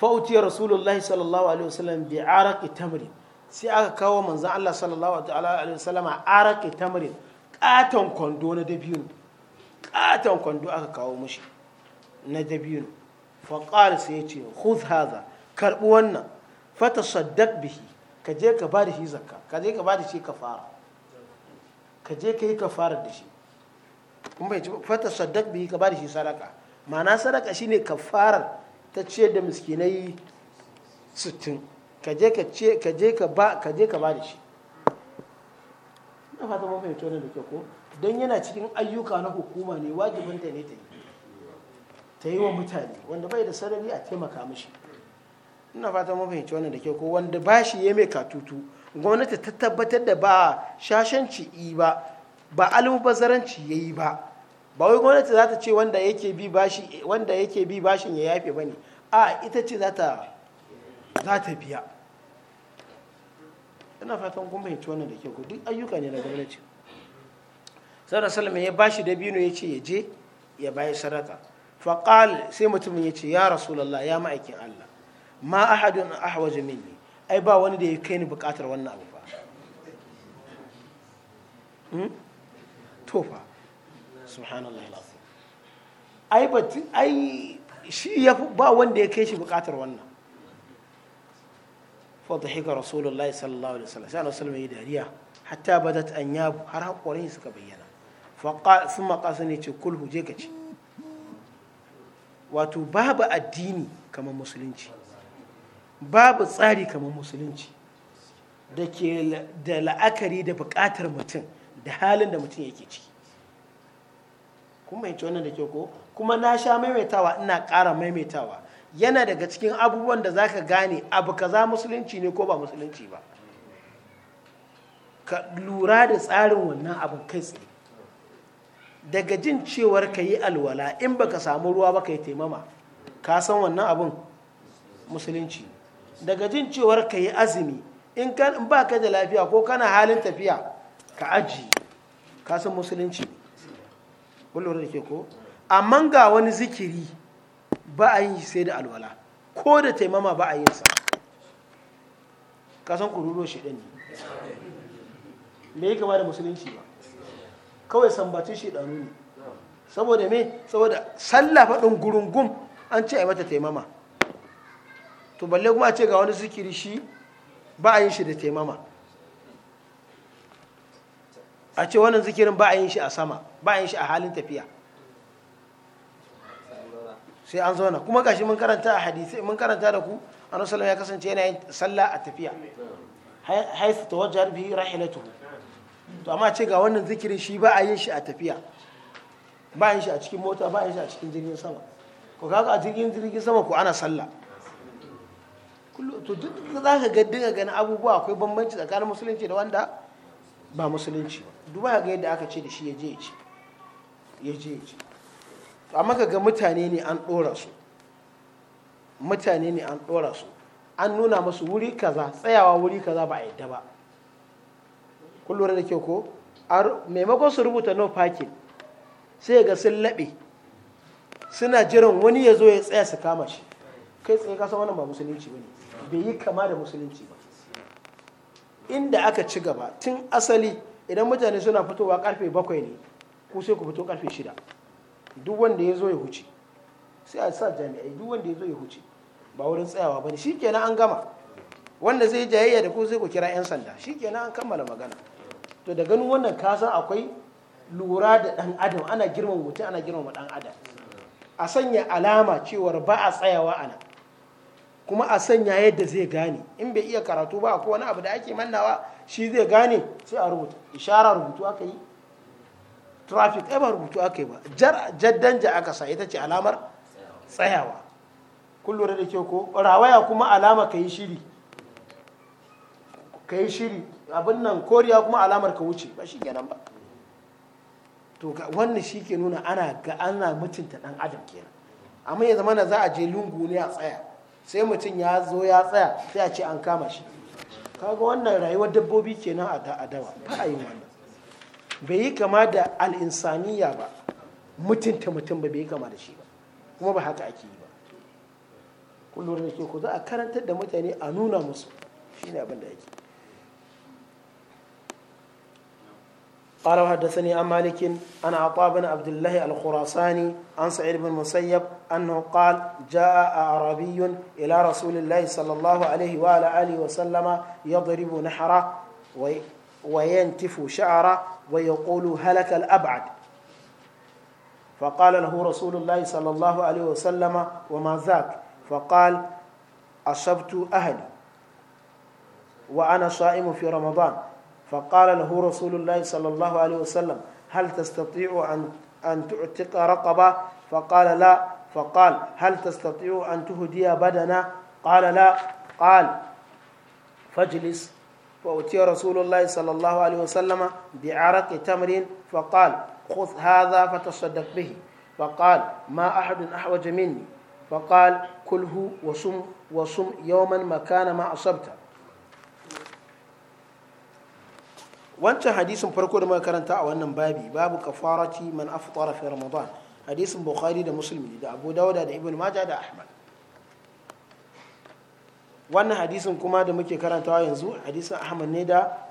Fauti rasulullahi sallallahu alaihi wasallam bi araki tamrin sai aka kawo manzan Allah sallallahu alaihi wasallam a araki tamrin katon kwando na dabino katon kwando aka kawo mushi na dabino faƙar sai ya ce khudh haza karɓi wannan fata saddaq bihi ka je ka ba shi zakka ka je ka bada shi kafara ka je ka yi kafara da shi kun bai fata bihi ka bada shi sadaka ma'ana sadaka shine kafarar ta ciyar da miskinai sittin ka je ka ce ka je ka ba ka je ka ba da shi na fata mun fahimci wannan da ke ko don yana cikin ayyuka na hukuma ne wajibin ta ne ta yi ta yi wa mutane wanda bai da sarari a taimaka mishi ina fata mun fahimci wannan da ke ko wanda ba shi ya mai katutu gwamnati ta tabbatar da ba shashanci yi ba ba almubazzaranci ya yi ba ba wai gwamnati za ta ce wanda yake bi bashin ya yafe ba ne a ita ce za ta biya ina fatan kun fahimci wannan da ke ku duk ayyuka ne na gwamnati sai sallama ya bashi da bino ya ce ya je ya bayar sadaka faƙal sai mutumin ya ce ya rasulallah ya ma'aikin Allah ma a ahadun min ne ai ba wani da ya kai ni buƙatar wannan abu ba hmm? subhanallah alazim ai shi ya ba wanda ya kai shi bukatar wannan fadhika rasulullahi sallallahu alaihi wasallam sai ya dariya hatta badat an har hakorin suka bayyana faqa thumma qasani ce je ka ci wato babu addini kamar musulunci babu tsari kamar musulunci da ke da la'akari da bukatar mutum da halin da mutum yake ciki kun fahimci wannan da ke ko kuma na sha maimaitawa ina ƙara maimaitawa yana daga cikin abubuwan da za ka gane abu kaza musulunci ne ko ba musulunci ba ka lura da tsarin wannan abu kai tsaye daga jin cewar ka yi alwala in baka samu ruwa ba ka yi taimama ka san wannan abun musulunci daga jin cewar ka yi azumi in ba ka da lafiya ko kana halin tafiya ka aji ka san musulunci ne kullum da ke ko amma ga wani zikiri ba a yi sai da alwala ko da taimama ba a yin sa kasan kururo shi ɗani? mai me ya da musulunci ba kawai sambacin shi ɗanu ne saboda me saboda sallah faɗin gurungum an ce a yi mata taimama to balle kuma a ce ga wani zikiri shi ba a yin shi da taimama a ce wannan zikirin ba a yin shi a sama ba a yin shi a halin tafiya sai an zauna kuma gashi mun karanta a hadisi mun karanta da ku annabi sallallahu ya kasance yana yin sallah a tafiya ta tawajjaha bihi rahilatu to amma ce ga wannan zikirin shi ba a yin shi a tafiya ba a yin shi a cikin mota ba a yin shi a cikin jirgin sama ko kaga a jirgin jirgin sama ko ana sallah to duk za ka ga dinga ganin abubuwa akwai bambanci tsakanin musulunci da wanda ba musulunci duba ga yadda aka ce da shi ya je ya ci amma ga mutane ne an ɗora su mutane ne an ɗora su an nuna masu wuri kaza tsayawa wuri kaza ba a yadda ba kun lura da kyau ko maimakon su rubuta no parking sai ga sun laɓe suna jiran wani ya zo ya tsaya su kama shi kai tsaye kasa wannan ba musulunci ba ne bai yi kama da musulunci ba inda aka ci gaba tun asali idan mutane suna fitowa karfe bakwai ne ko sai ku fito karfe shida duk wanda ya zo ya huce sai a sa jami'ai duk wanda ya zo ya huce ba wurin tsayawa ba ne shi kenan an gama wanda zai jayayya da ku sai ku kira 'yan sanda shi kenan an kammala magana to da ganin wannan kasa akwai lura da dan adam ana girmama mutum ana girmama dan adam a sanya alama cewar ba a tsayawa a nan kuma a sanya yadda zai gane in bai iya karatu ba ko wani abu da ake mannawa shi zai gane sai a rubuta ishara rubutu aka yi traffic ɗaya ba rubutu aka yi ba jaddan ja aka sa ita ce alamar tsayawa kullum da ke ko rawaya kuma alama ka yi shiri ka yi shiri abin nan koriya kuma alamar ka wuce ba shi kenan ba to ga wannan shi ke nuna ana ga ana mutunta dan adam kenan amma ya zama na za a je lungu ne a tsaya sai mutum ya zo ya tsaya sai a ce an kama shi kaga wannan rayuwar dabbobi kenan a dawa ba a yi wannan bai yi kama da al'insaniya ba mutunta mutum ba bai yi kama da shi ba kuma ba haka ake yi ba kullum da ke ku za a karantar da mutane a nuna musu shine abin da ake قال وحدثني عن مالك عن عطاء بن عبد الله الخراساني عن سعيد بن المسيب انه قال جاء اعرابي الى رسول الله صلى الله عليه وعلى اله وسلم يضرب نحره وينتف شعره ويقول هلك الابعد فقال له رسول الله صلى الله عليه وسلم وما ذاك فقال اصبت اهلي وانا صائم في رمضان فقال له رسول الله صلى الله عليه وسلم هل تستطيع أن أن تعتق رقبة فقال لا فقال هل تستطيع أن تهدي بدنا قال لا قال فاجلس فأتي رسول الله صلى الله عليه وسلم بعرق تمر فقال خذ هذا فتصدق به فقال ما أحد أحوج مني فقال كله وصم وصم يوما مكان ما أصبت wancan hadisin farko da muka karanta a wannan babi babu kafarati man aftara fi ramadan hadisin bukhari da musulmi da abu dauda da ibn majah da ahmad wannan hadisin kuma da muke karantawa yanzu hadisin ahmad ne da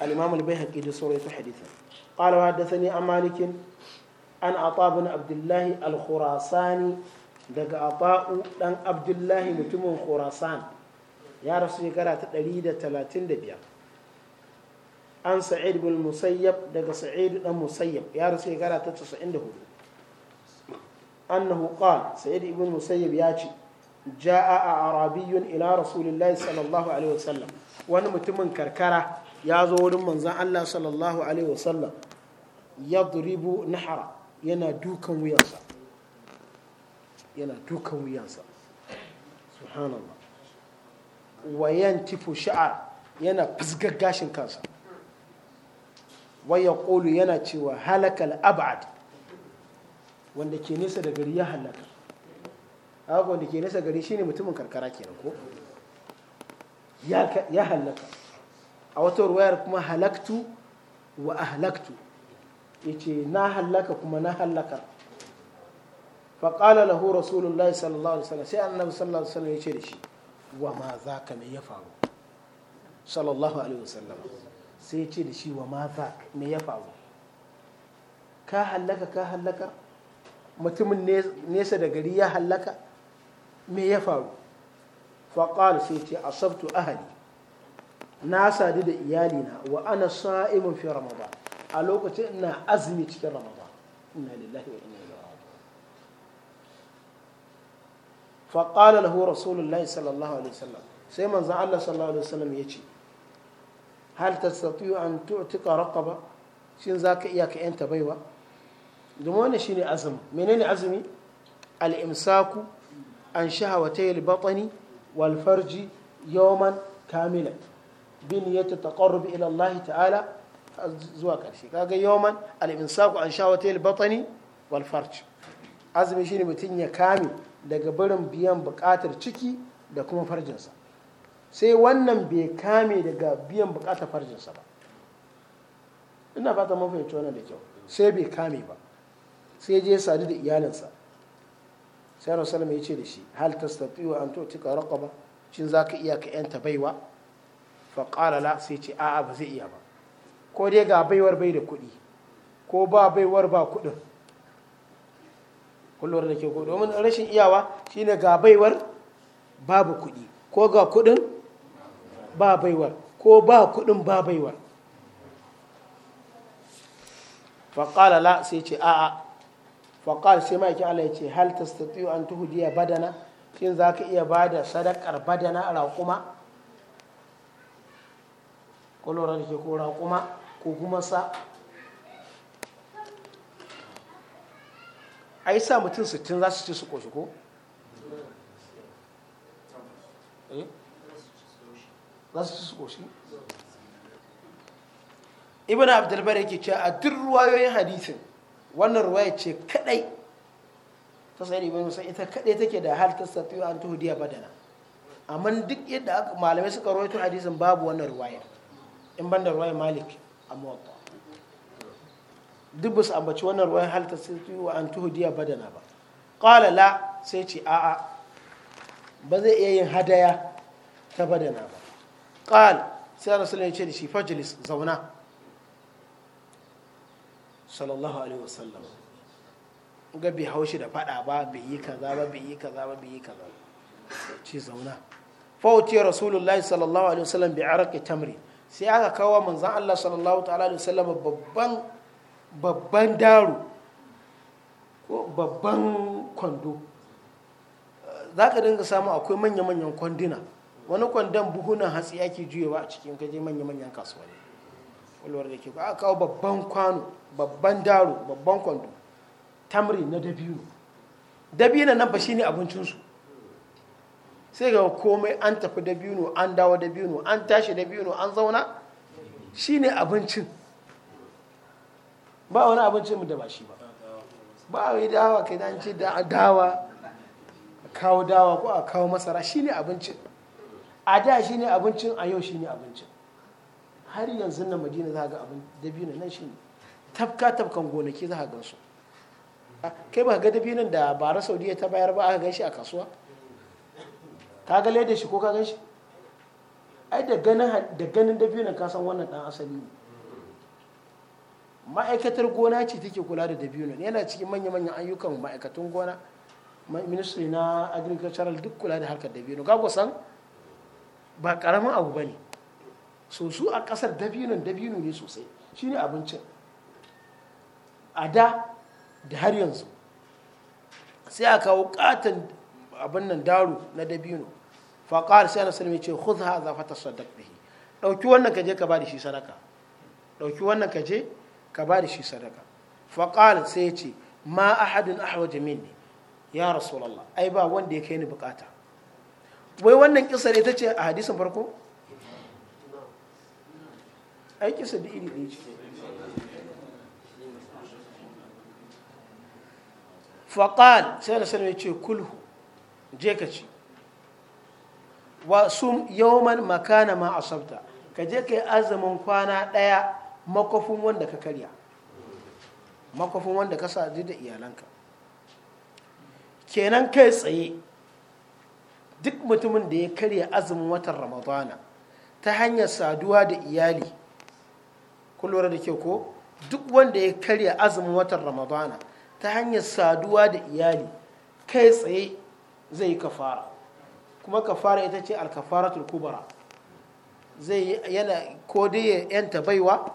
al-imam al-baihaqi da sauran su hadisin qala wa hadathani an malikin an ata abdullahi al-khurasani daga ata'u dan abdullahi mutumin khurasan ya rasu shekara ta 135 an sa'id bin musayyab daga sa'id dan musayyab ya rasu shekara ta 94 annahu qala sa'id ibn musayyab ya ce ja'a a arabiyyun ila rasulillahi sallallahu alaihi wasallam wani mutumin karkara ya zo wurin manzon Allah sallallahu alaihi wasallam yadribu nahara yana dukan wuyansa yana dukan wuyansa subhanallah wayan tifu sha'ar yana fusgar gashin kansa waya ƙolu yana cewa halakal abad wanda ke nesa da gari ya halaka haka wanda ke nesa gari shine mutumin karkara kenan ko ya halaka a wata ruwayar kuma halaktu wa ahlaktu yace na halaka kuma na halaka faƙala lahu rasulullahi sallallahu alaihi wasallam sai annabi sallallahu alaihi wasallam ya ce da shi wa ma za ka me ya faru sallallahu alaihi wasallam sai ce da shi wa mata me ya faru ka hallaka ka hallaka mutumin nesa da gari ya hallaka me ya faru faƙal sai ce a Sabtu ahali na sadu da iyalina wa ana sa'imun fi ramadan a lokacin ina azumi cikin ramadan inna lillahi wa inna ilaihi faƙal sallallahu alaihi wasallam sai manzon Allah sallallahu alaihi wasallam ya ce hal tastati'u an tu'tika raqaba shin zaka iya ka yanta baiwa domin wannan shine azumi menene azumi al-imsaku an shahawatay al-batni wal farji yawman kamilan bin niyyati taqarrub ila Allah ta'ala zuwa karshe kaga yawman al-imsaku an shahawatay al-batni wal farji azumi shine mutum ya kame daga barin biyan bukatar ciki da kuma farjinsa sai wannan bai kame daga biyan bukatar farjinsa ba ina fata mun fahimci wannan da kyau sai bai kame ba sai je sadu da iyalinsa sai rasulullah ya ce da shi hal tastati'u an tu'tika raqaba shin ka iya ka yanta baiwa fa la sai ce a'a ba zai iya ba ko dai ga baiwar bai da kuɗi ko ba baiwar ba kuɗin kullum da ke ko domin rashin iyawa shine ga baiwar babu kuɗi ko ga kuɗin ba baiwar ko ba kudin ba baiwar faƙala la sai ce a'a faƙala sai ma'aikin Allah ya ce hal ta statiyu an tuhudiya badana shin za ka iya ba da sadakar badana a raƙuma ƙulura da ke ko raƙuma ko kuma sa a yi sa mutum 60 za su ci su ƙoshi ko? eh za su su koshi ibn abdulbar yake cewa a duk ruwayoyin hadisin wannan ruwaya ce kadai ta sai ne musa ita kadai take da hal tuyo an tuhdiya badana amma duk yadda malamai suka rawaito hadisin babu wannan ruwaya in ban da ruwaya malik a wata duk ba su ambaci wannan ruwaya hal tuyo an tuhdiya badana ba qala sai ce a'a ba zai iya yin hadaya ta badana ba Ƙal sai annabi sallallahu ce da shi fajlis zauna sallallahu alaihi wasallam ga bai haushi da fada ba bai yi kaza ba bai yi kaza ba bai yi kaza ce zauna fawtiya rasulullahi sallallahu alaihi wasallam bi araqi tamri sai aka kawo manzan Allah sallallahu ta'ala alaihi wasallam babban babban daro ko babban kwando za ka dinga samu akwai manya-manyan kwandina wani kwandon buhunan hatsi ake juyewa a cikin kaje manya-manyan kasuwanni walwar da ke a kawo babban kwano babban daro babban kwando tamri na dabino dabino nan ba shine abincinsu sai ga komai an tafi dabino an dawo dabino an tashi dabino an zauna shine abincin ba wani abincin mu da ba shi ba ba yi dawa kai dan ce dawa kawo dawa ko a kawo masara shine abincin a da shi ne abincin a yau shi ne abincin har yanzu na madina za ga abin dabino nan shi ne tafka tafkan gonaki za ga su kai ba ga dabinon da bara saudiya ta bayar ba aka gan shi a kasuwa ka ga leda shi ko ka gan shi ai da ganin dabinon ka san wannan dan asali ne ma'aikatar gona ce take kula da dabinon yana cikin manya-manyan ayyukan ma'aikatan gona ministry na agricultural duk kula da harkar dabino ga san ba karamin abu ba ne so su a ƙasar dabinon dabino ne sosai shine abincin a da da har yanzu sai a kawo katon abin nan daro na dabino faƙar sai ana sallame ce khudh hadha fata tasaddaq bihi dauki wannan kaje ka bada shi sadaka ɗauki wannan kaje ka bada shi sadaka faƙar sai ce ma ahadun ahwaja minni ya rasu ai ba wanda ya kai ni buƙata wai wannan kisa ne ita ce a hadisin farko ai kisa da iri ɗaya ce faƙal sai da sanar ce kulhu je ka ci wa sum makana ma a sabta ka je ka yi azumin kwana ɗaya makwafin wanda ka karya makwafin wanda ka sa da iyalanka kenan kai tsaye duk mutumin da ya karya azumin watan ramadana ta hanyar saduwa da iyali kullum da ke ko duk wanda ya karya azumin watan ramadana ta hanyar saduwa da iyali kai tsaye zai yi kafara kuma kafara ita ce alkafaratul kubara zai yana ko dai ya yanta baiwa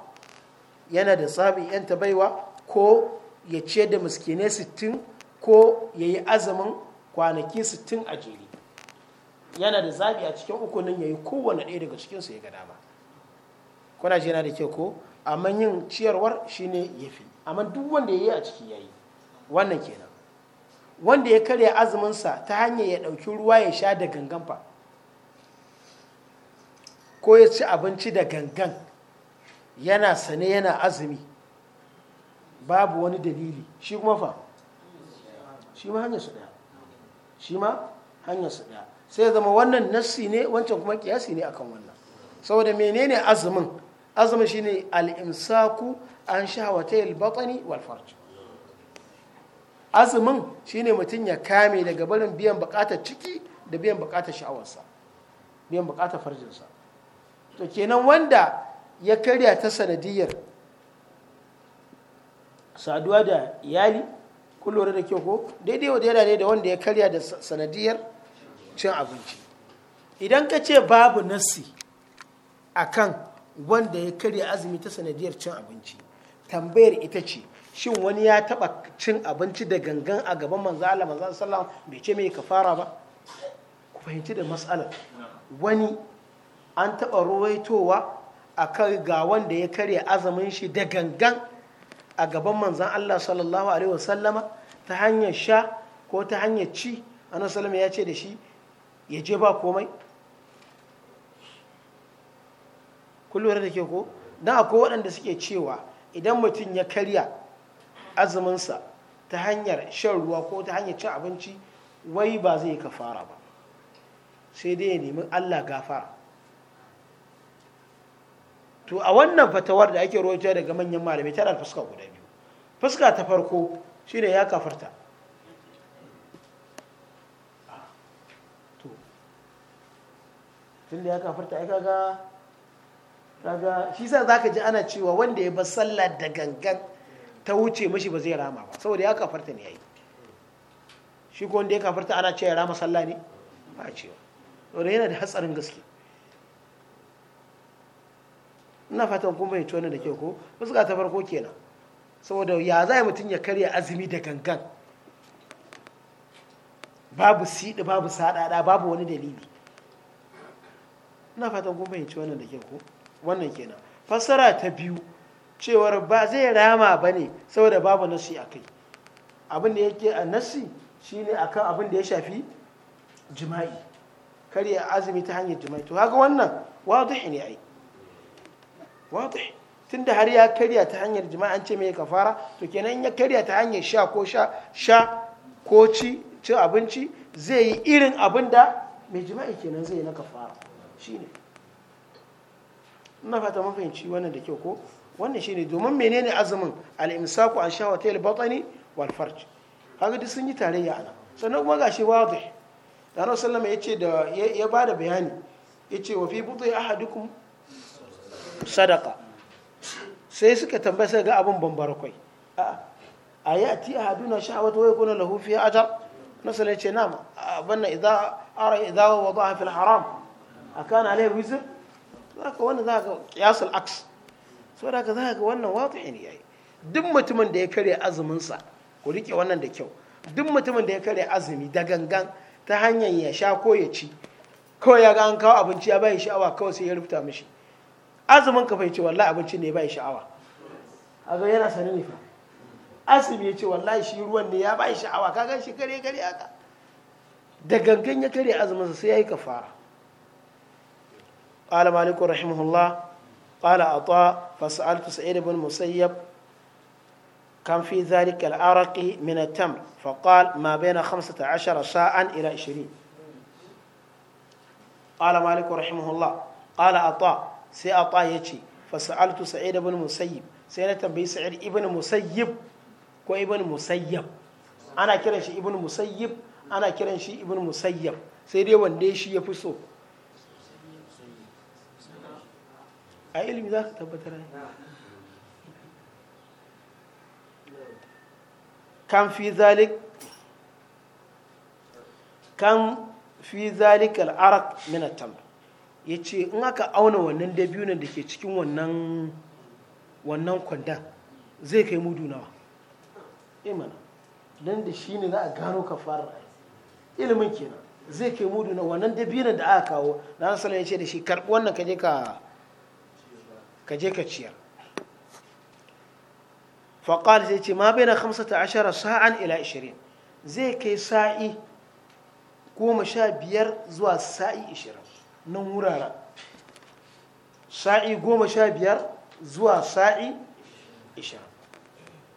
yana da tsabi yanta baiwa ko ya ce da muskine sittin ko ya yi azumin kwanaki sittin a jere yana da zaɓi a cikin uku nan ya yi kowane ɗaya daga cikinsu ya ga dama kuna ji yana da kyau ko amma yin ciyarwar shine ya fi amma duk wanda ya yi a ciki ya yi wannan kenan wanda ya karya azuminsa ta hanyar ya ɗauki ruwa ya sha da gangan fa ko ya ci abinci da gangan yana sane yana azumi babu wani dalili shi kuma fa shi ma hanyar su ɗaya shi ma hanyar su ɗaya sai zama wannan nassi ne wancan kuma kiyasi ne akan wannan saboda menene azumin azumin shine al-imsaku an shahawatayil batni wal farj azumin shine mutum ya kame daga barin biyan bukatar ciki da biyan bukatar sha'awarsa biyan bukatar farjinsa to kenan wanda ya karya ta sanadiyar saduwa da iyali kullum da kyau ko daidai wa ne da wanda ya karya da sanadiyar cin abinci idan ka ce babu nassi akan wanda ya karya azumi ta sanadiyar cin abinci tambayar ita ce shin wani ya taba cin abinci da gangan a gaban manzo Allah manzo sallallahu bai ce mai kafara ba ku fahimci da matsalar wani an taba ruwaitowa akan ga wanda ya karya azumin shi da gangan a gaban manzan Allah sallallahu alaihi wasallama ta hanyar sha ko ta hanyar ci annabi ya ce da shi ya je ba komai kullum da ke ko don akwai waɗanda suke cewa idan mutum ya karya azuminsa ta hanyar shan ruwa ko ta hanyar cin abinci wai ba zai kafara ba sai dai ya nemi allah gafara to a wannan fatawar da ake rawaito daga manyan malamai tara fuska guda biyu fuska ta farko shi ne ya kafarta tun da ya kafarta ai kaga kaga shi sa zaka ji ana cewa wanda ya bar sallah da gangan ta wuce mashi ba zai rama ba saboda ya kafarta ne yayi shi ko wanda ya kafarta ana cewa ya rama sallah ne ba cewa saboda yana da hatsarin gaske ina fatan kun fahimci tona da ke ko fuska ta farko kenan saboda ya za mutum ya karya azumi da gangan babu siɗi babu saɗaɗa babu wani dalili ina fatan kun fahimci wannan da ke ku wannan kenan fassara ta biyu cewar ba zai rama ba ne saboda babu nasi a kai abin da yake a nasi shine akan abin da ya shafi jima'i karya azumi ta hanyar jima'i to haka wannan wadih ne ai tun da har ya karya ta hanyar jima'i an ce mai fara to kenan ya karya ta hanyar sha ko sha sha ko ci abinci zai yi irin abin da mai jima'i kenan zai yi na ka fara. shine ina fata mafahimci fahimci wannan da kyau ko wannan shi ne domin menene azumin al-imsaku an shawatayil batani wal farj haka duk sun yi tarayya ana sannan kuma shi wadih da ana sallama yace da ya bada bayani ya ce wa fi a hadukun sadaka sai suka tambaya sai ga abin bambara kwai a yi a ti ahaduna wata wai kuna lahufi fi ajar na yace na'am abanna idza ara idza a fil haram akan alai wizr zaka wannan ka qiyasul aks da ka za ka wannan hini ya yayi duk mutumin da ya kare azumin sa ku rike wannan da kyau duk mutumin da ya kare azumi da gangan ta hanyar ya sha ko ya ci kawai ya ga an kawo abinci ya bai sha'awa kawai sai ya rubuta mishi azumin ka fahimci wallahi abinci ne bai sha'awa a ga yana sani ne fa azumi ya ce wallahi shi ruwan ne ya bai sha'awa ka gan shi kare kare haka da gangan ya kare azumin sa sai ya yi kafara قال مالك رحمه الله قال عطاء فسألت سعيد بن مسيب كم في ذلك العرق من التمر فقال ما بين خمسة عشر ساعا إلى عشرين قال مالك رحمه الله قال عطاء سي عطاء يجي فسألت سعيد بن مسيب سينا تنبي سعيد ابن مسيب كو ابن مسيب أنا كرنشي ابن مسيب أنا كرنشي ابن مسيب سيدي وندي شي يفسو a ilimi za ka tabbatar kan fi zalik kan fi zalik al'arak minatam ya ce in aka auna wannan dabiunan da ke cikin wannan kwandon zai kai mudu nawa imana eh don da shi ne za a gano fara ilimin kenan zai kai mudu nawa wannan dabiunan da aka kawo na nasarar ya ce da shi karɓi wannan ka je ka ka je ka ciyar faƙal zai ce ma bai na kamsa ta ashara sa'an ila ishirin zai kai sa'i goma sha biyar zuwa sa'i ishirin nan wurara sa'i goma sha biyar zuwa sa'i ishirin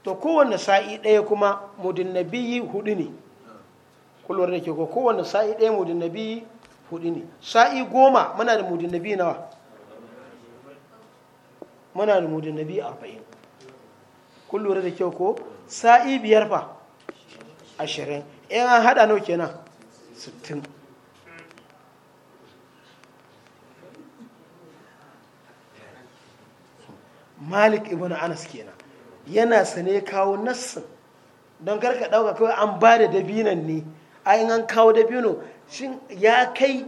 to kowane sa'i ɗaya kuma mudin biyu hudu ne kulwar da ke ko kowane sa'i ɗaya mudin biyu hudu ne sa'i goma muna da mudin biyu nawa muna da biyu arba'in kun lura da kyau ko sa'i biyar fa ashirin in an haɗa nau kenan sittin malik ibn anas kenan yana sane kawo nassin don karka ɗauka kawai an ba da dabinan ne a an kawo dabino shi ya kai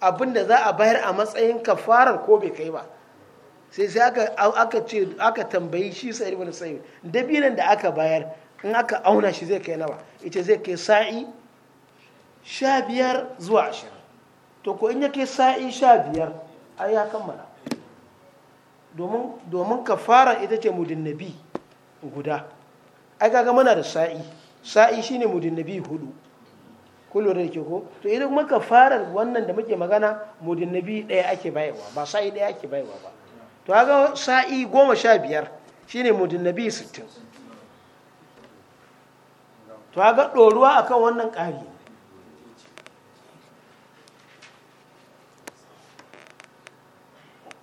abinda za a bayar a matsayin kafarar ko bai kai ba sai sai aka ce aka tambayi shi sa'id ibn sa'id dabinan da aka bayar in aka auna shi zai kai nawa ita zai kai sa'i sha biyar zuwa ashirin to ko in ya kai sa'i sha biyar ai ya kammala domin ka fara ita ce mudin nabi guda ai kaga mana da sa'i sa'i shine mudin nabi hudu kullum da ke ko to idan kuma ka fara wannan da muke magana mudin nabi daya ake bayarwa ba sa'i daya ake bayarwa ba to ga sa'i goma sha biyar shine mudun nabi sittin to ga ɗoruwa akan wannan ƙari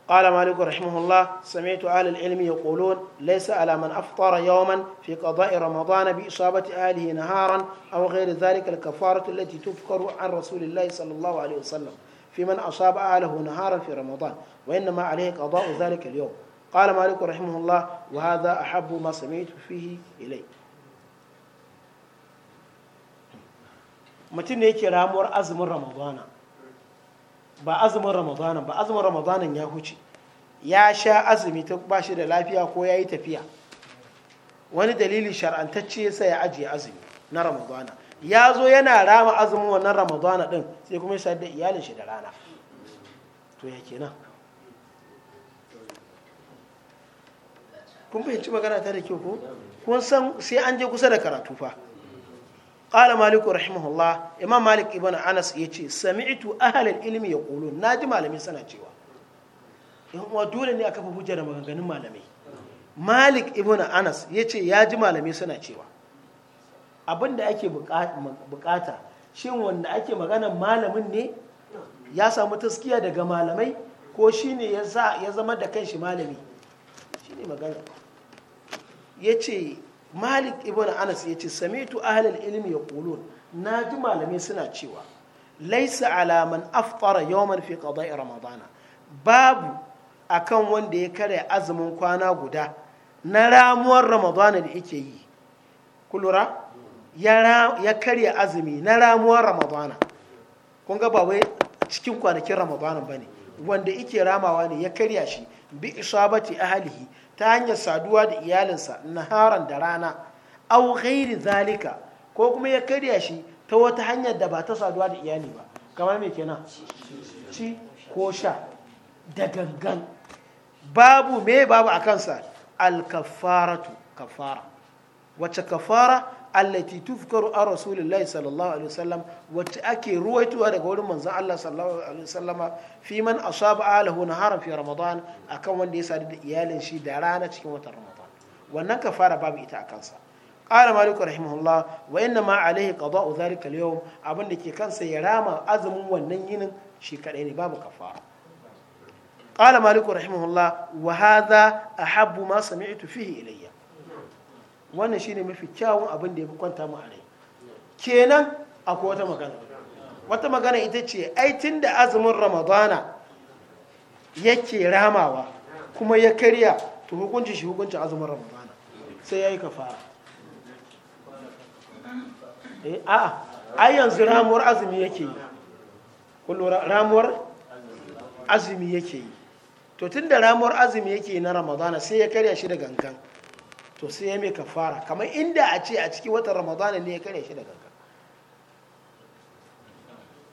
قال مالك رحمه الله سمعت أهل العلم يقولون ليس على من أفطر يوما في قضاء رمضان بإصابة أهله نهارا أو غير ذلك الكفارة التي تذكر عن رسول الله صلى الله عليه وسلم في من أصاب أهله نهارا في رمضان وإنما عليه قضاء ذلك اليوم قال مالك رحمه الله وهذا أحب ما سمعت فيه إلي mutum ne yake ramuwar azumin ramadana ba azumin ramadana ba azumin ramadana ya huce ya sha azumi ta ba shi da lafiya ko ya yi tafiya wani dalili shar'antacce ya sa ya ajiye azumi na ramadana ya zo yana rama azumin wannan ramadana din sai kuma ya sayar da iyalin shi da rana to ya kenan kun fahimci magana ta da kyau ko kun san sai an je kusa da karatu fa qala maliku rahimahullah imam malik ibn anas yace sami'tu ahli ilmi na ji malamin sana cewa yan uwa dole ne a kafa hujja maganganun malamai malik ibn anas ya ce ya ji malamai sana cewa abin da ake bukata shin wanda ake magana malamin ne ya samu taskiya daga malamai ko shi ne ya zama da kanshi malami shi ne magana ya ce malik ibn anas ya ce samitu ahalar ilimi ya kulo na ji malamai suna cewa laisa alaman aftara yawman fi qada'i ramadana babu akan wanda ya karya azumin kwana guda na ramuwar ramadana da yake yi kulura ya karya azumi na ramuwar ramadana kun ga ba cikin kwanakin ramadana ba ne wanda ike ramawa ne ya karya shi bi isabati ahalihi ta hanyar saduwa da iyalinsa na haran da rana au ghairi zalika ko kuma ya karya shi ta wata hanyar da ba ta saduwa da iyali ba kamar me kenan ci ko sha da gangan babu me babu a kansa alkafaratu kafara wacce kafara allati tufkaru a rasulullahi sallallahu alaihi wasallam wacce ake ruwaitowa daga wurin manzon Allah sallallahu alaihi wasallam fi man asaba alahu naharan fi ramadan akan wanda ya sadu da iyalin shi da rana cikin watan ramadan wannan kafara babu ita a kansa qala malik rahimahullah wa inna ma alaihi qada'u dhalika al-yawm abin da ke kansa ya rama azumin wannan yinin shi kadai ne babu kafara qala malik rahimahullah wa a habbu ma sami'tu fihi ilayya wannan shine mafi kyawun abin da ya fi kwanta mu a rai kenan akwai wata magana wata magana ita ce ai tun da azumin ramadana yake ramawa kuma ya karya to hukunci shi hukuncin azumin ramadana sai ya yi fara eh, a'a ai yanzu ramuwar azumi yake yi kullum ramuwar azumi yake yi to tun da ramuwar azumi yake yi na ramadana sai ya karya shi da gangan to sai ya mai fara kamar inda a ce a cikin watan ramadana ne ya karya shi da kanka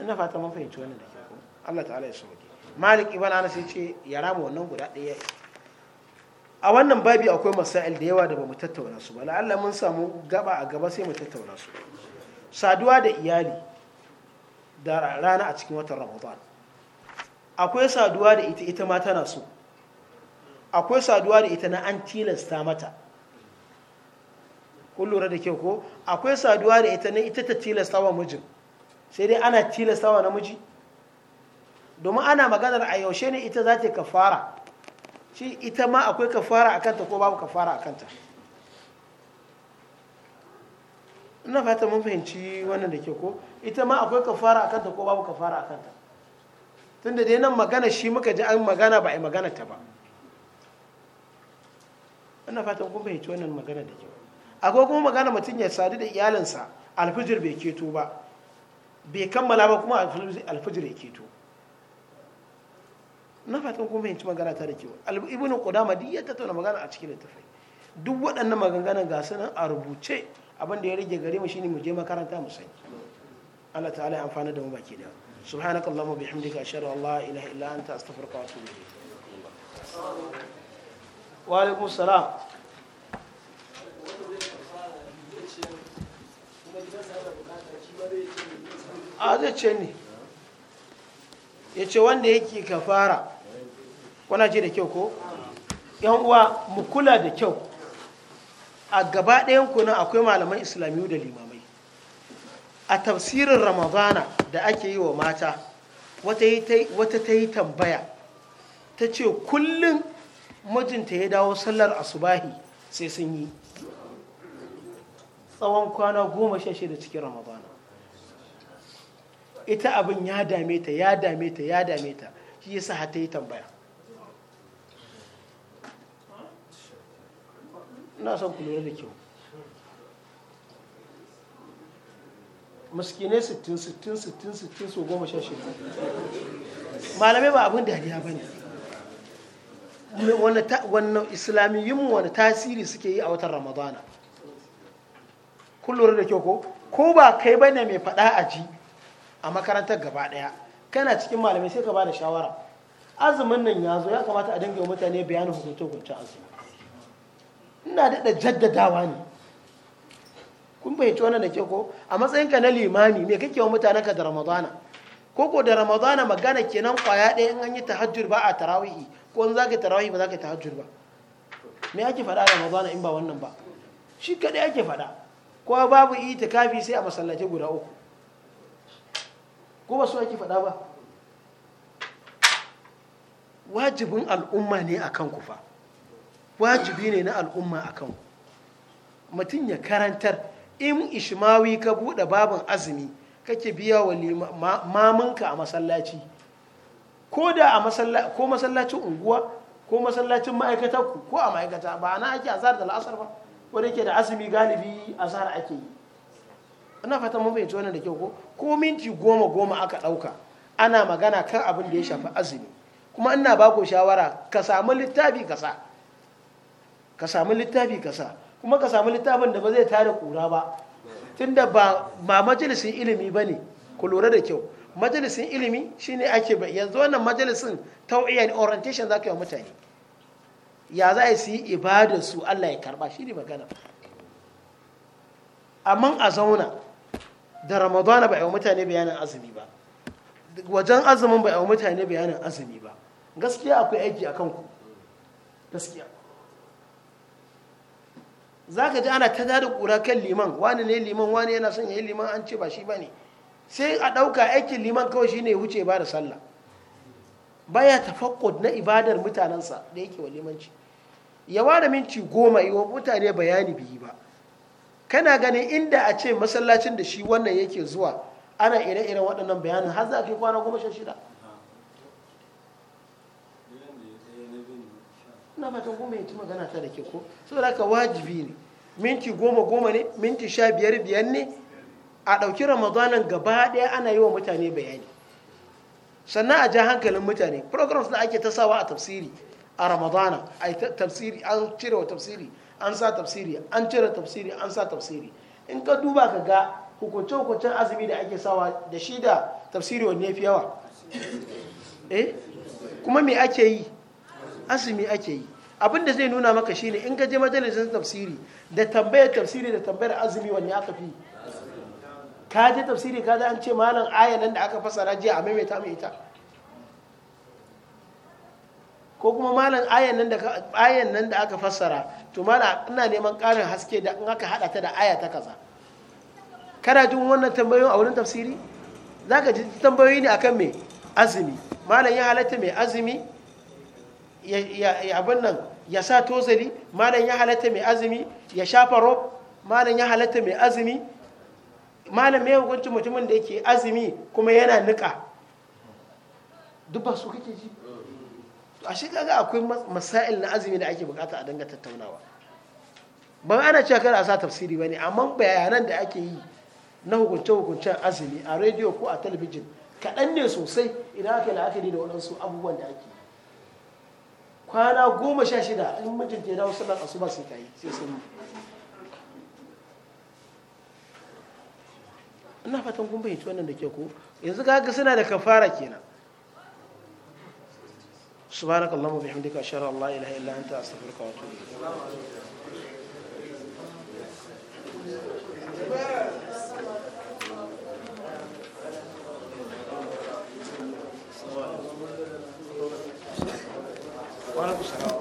ina fata mun fahimci wannan da ke ko Allah ta'ala ya sauke Malik ibn Anas ya ce ya rama wannan guda ɗaya a wannan babi akwai masail da yawa da bamu tattauna su ba la'alla mun samu gaba a gaba sai mu tattauna su saduwa da iyali da rana a cikin watan Ramadan akwai saduwa da ita ita ma tana so akwai saduwa da ita na an tilasta mata kun lura da kyau ko akwai saduwa da ita ne ita ta tilasta wa mijin sai dai ana tilasta wa namiji domin ana maganar a yaushe ne ita za ta kafara shi ita ma akwai kafara a kanta ko babu kafara a kanta ina fata mun fahimci wannan da ke ko ita ma akwai kafara a kanta ko babu kafara a kanta tun da dai nan magana shi muka ji an magana ba a yi magana ta ba ina fata kun fahimci wannan magana da ke. akwai kuma magana mutum ya sadu da iyalinsa alfijir bai keto ba bai kammala ba kuma alfijir ya keto na fatan kuma yanci magana ta da kewa ibn qudama duk ya tattauna magana a cikin littafai duk waɗannan maganganun ga su a rubuce abin da ya rage gare mu shine mu je makaranta mu sani Allah ta'ala ya amfana da mu baki da subhanakallahumma bihamdika ashhadu an la ilaha illa anta astaghfiruka wa atubu ilayk wa alaikum salam a zai ne ya ce wanda yake kafara wana ce da kyau ko yan uwa mu kula da kyau a gaba ɗayan kuna akwai malaman islamiyu da limamai a tafsirin ramadana da ake yi wa mata wata ta yi tambaya ta ce kullum mijinta ya dawo sallar asubahi sai sun yi tsawon kwana goma sha shida cikin ramadana ita abin ya dame ta ya dame ta ya dame ta shi sa hata yi tambaya na son ku lura da kyau miskinai 60 60 60 60 so goma sha malamai ba abin dariya ba ne wannan islamiyyun wani tasiri suke yi a watan ramadana kun lura da kyau ko ba kai ba ne mai faɗa a ji a makarantar gaba daya kana cikin malamai sai ka ba da shawara azumin nan ya zo ya kamata a dinga yi mutane bayanin hukuncin hukuncin azumi ina daɗa jaddadawa ne kun bayyace wannan da ke ko a matsayinka na limami me kake wa mutanen ka da ramadana ko ko da ramadana magana kenan kwaya ɗaya in an yi tahajjur ba a tarawihi ko in za ka tarawihi ba za ka tahajjur ba me ake faɗa ramadana in ba wannan ba shi kaɗai ake faɗa ko babu itikafi sai a masallaci guda uku ko ba su ake faɗa ba wajibin al'umma ne a kanku fa wajibi ne na al'umma a kanku mutum ya karantar in ishmawi ka buɗe babin azumi kake biya wa mamanka a masallaci ko da a masallacin unguwa ko masallacin ku ko a ma'aikata ba na ake azar da la'asar ba wadda da da azumi galibi azar ake yi ana fata mun fahimci wannan da kyau ko ko minti goma goma aka ɗauka ana magana kan abin da ya shafi azumi kuma ina ba ku shawara ka samu littafi ka sa ka samu littafi ka sa kuma ka samu littafin da ba zai tare kura ba tunda ba ma majalisin ilimi ba ne ku lura da kyau majalisin ilimi shine ake ba yanzu wannan majalisin tau'iya ne orientation za ka yi mutane ya za a yi ibada su Allah ya karba shi ne magana amma a zauna da ramadana ba a yi mutane bayanin azumi ba wajen azumin ba a yi mutane bayanin azumi ba gaskiya akwai aiki a kanku gaskiya za ka ji ana ta da ƙura kan liman wani ne liman wani yana son ya yi liman an ce ba shi ba ne sai a ɗauka aikin liman kawai shi ne wuce ba da sallah baya tafakkod na ibadar mutanensa da yake wa limanci yawa da minti goma yi wa mutane bayani biyi ba kana ganin inda a ce masallacin da shi wannan yake zuwa ana ire-iren waɗannan bayanin har za a kai kwana goma sha shida na fatan goma ya ci magana ta da ke ko da aka wajibi ne minti goma goma ne minti sha biyar biyar ne a ɗauki ramadanan gaba ɗaya ana yi wa mutane bayani sannan a ja hankalin mutane programs da ake tasawa a tafsiri a ramadana a tafsiri an cire wa tafsiri an sa tafsiri an cire tafsiri an sa tafsiri in ka duba ka ga hukunce-hukuncen azumi da ake sawa da shi da tafsiri wanne fi yawa eh kuma me ake yi azumi ake yi abin da zai nuna maka shi ne in ka je majalisar tafsiri da tambayar tafsiri da tambayar azumi wanne aka fi ka je tafsiri ka an ce malam aya nan da aka fasara jiya a maimaita mai ita ko kuma malam ayan nan da ayan nan da aka fassara to malam ina neman ƙarin haske da in aka hada ta da aya ta kaza kana jin wannan tambayoyin a wurin tafsiri zaka ji tambayoyi ne akan me azumi malam ya halatta mai azumi ya abin nan ya sa tozali malam ya halatta mai azumi ya shafa rob malam ya halatta mai azumi malam me hukuncin mutumin da yake azumi kuma yana niƙa duk ba su kake ji a shi kaga akwai masail na azumi da ake bukata a dinga tattaunawa ba ana cewa kada a sa tafsiri bane amma bayanan da ake yi na hukunce hukuncen azumi a rediyo ko a talabijin kaɗan ne sosai idan aka yi la'akari da waɗansu abubuwan da ake kwana goma sha shida in mijinta ya dawo sallar asuba sai ta yi sai sun yi ina fatan kun fahimci wannan da ke ko yanzu ga suna da kafara kenan سبحانك اللهم وبحمدك أشهد أن لا إله إلا أنت أستغفرك وأتوب إليك وعليكم السلام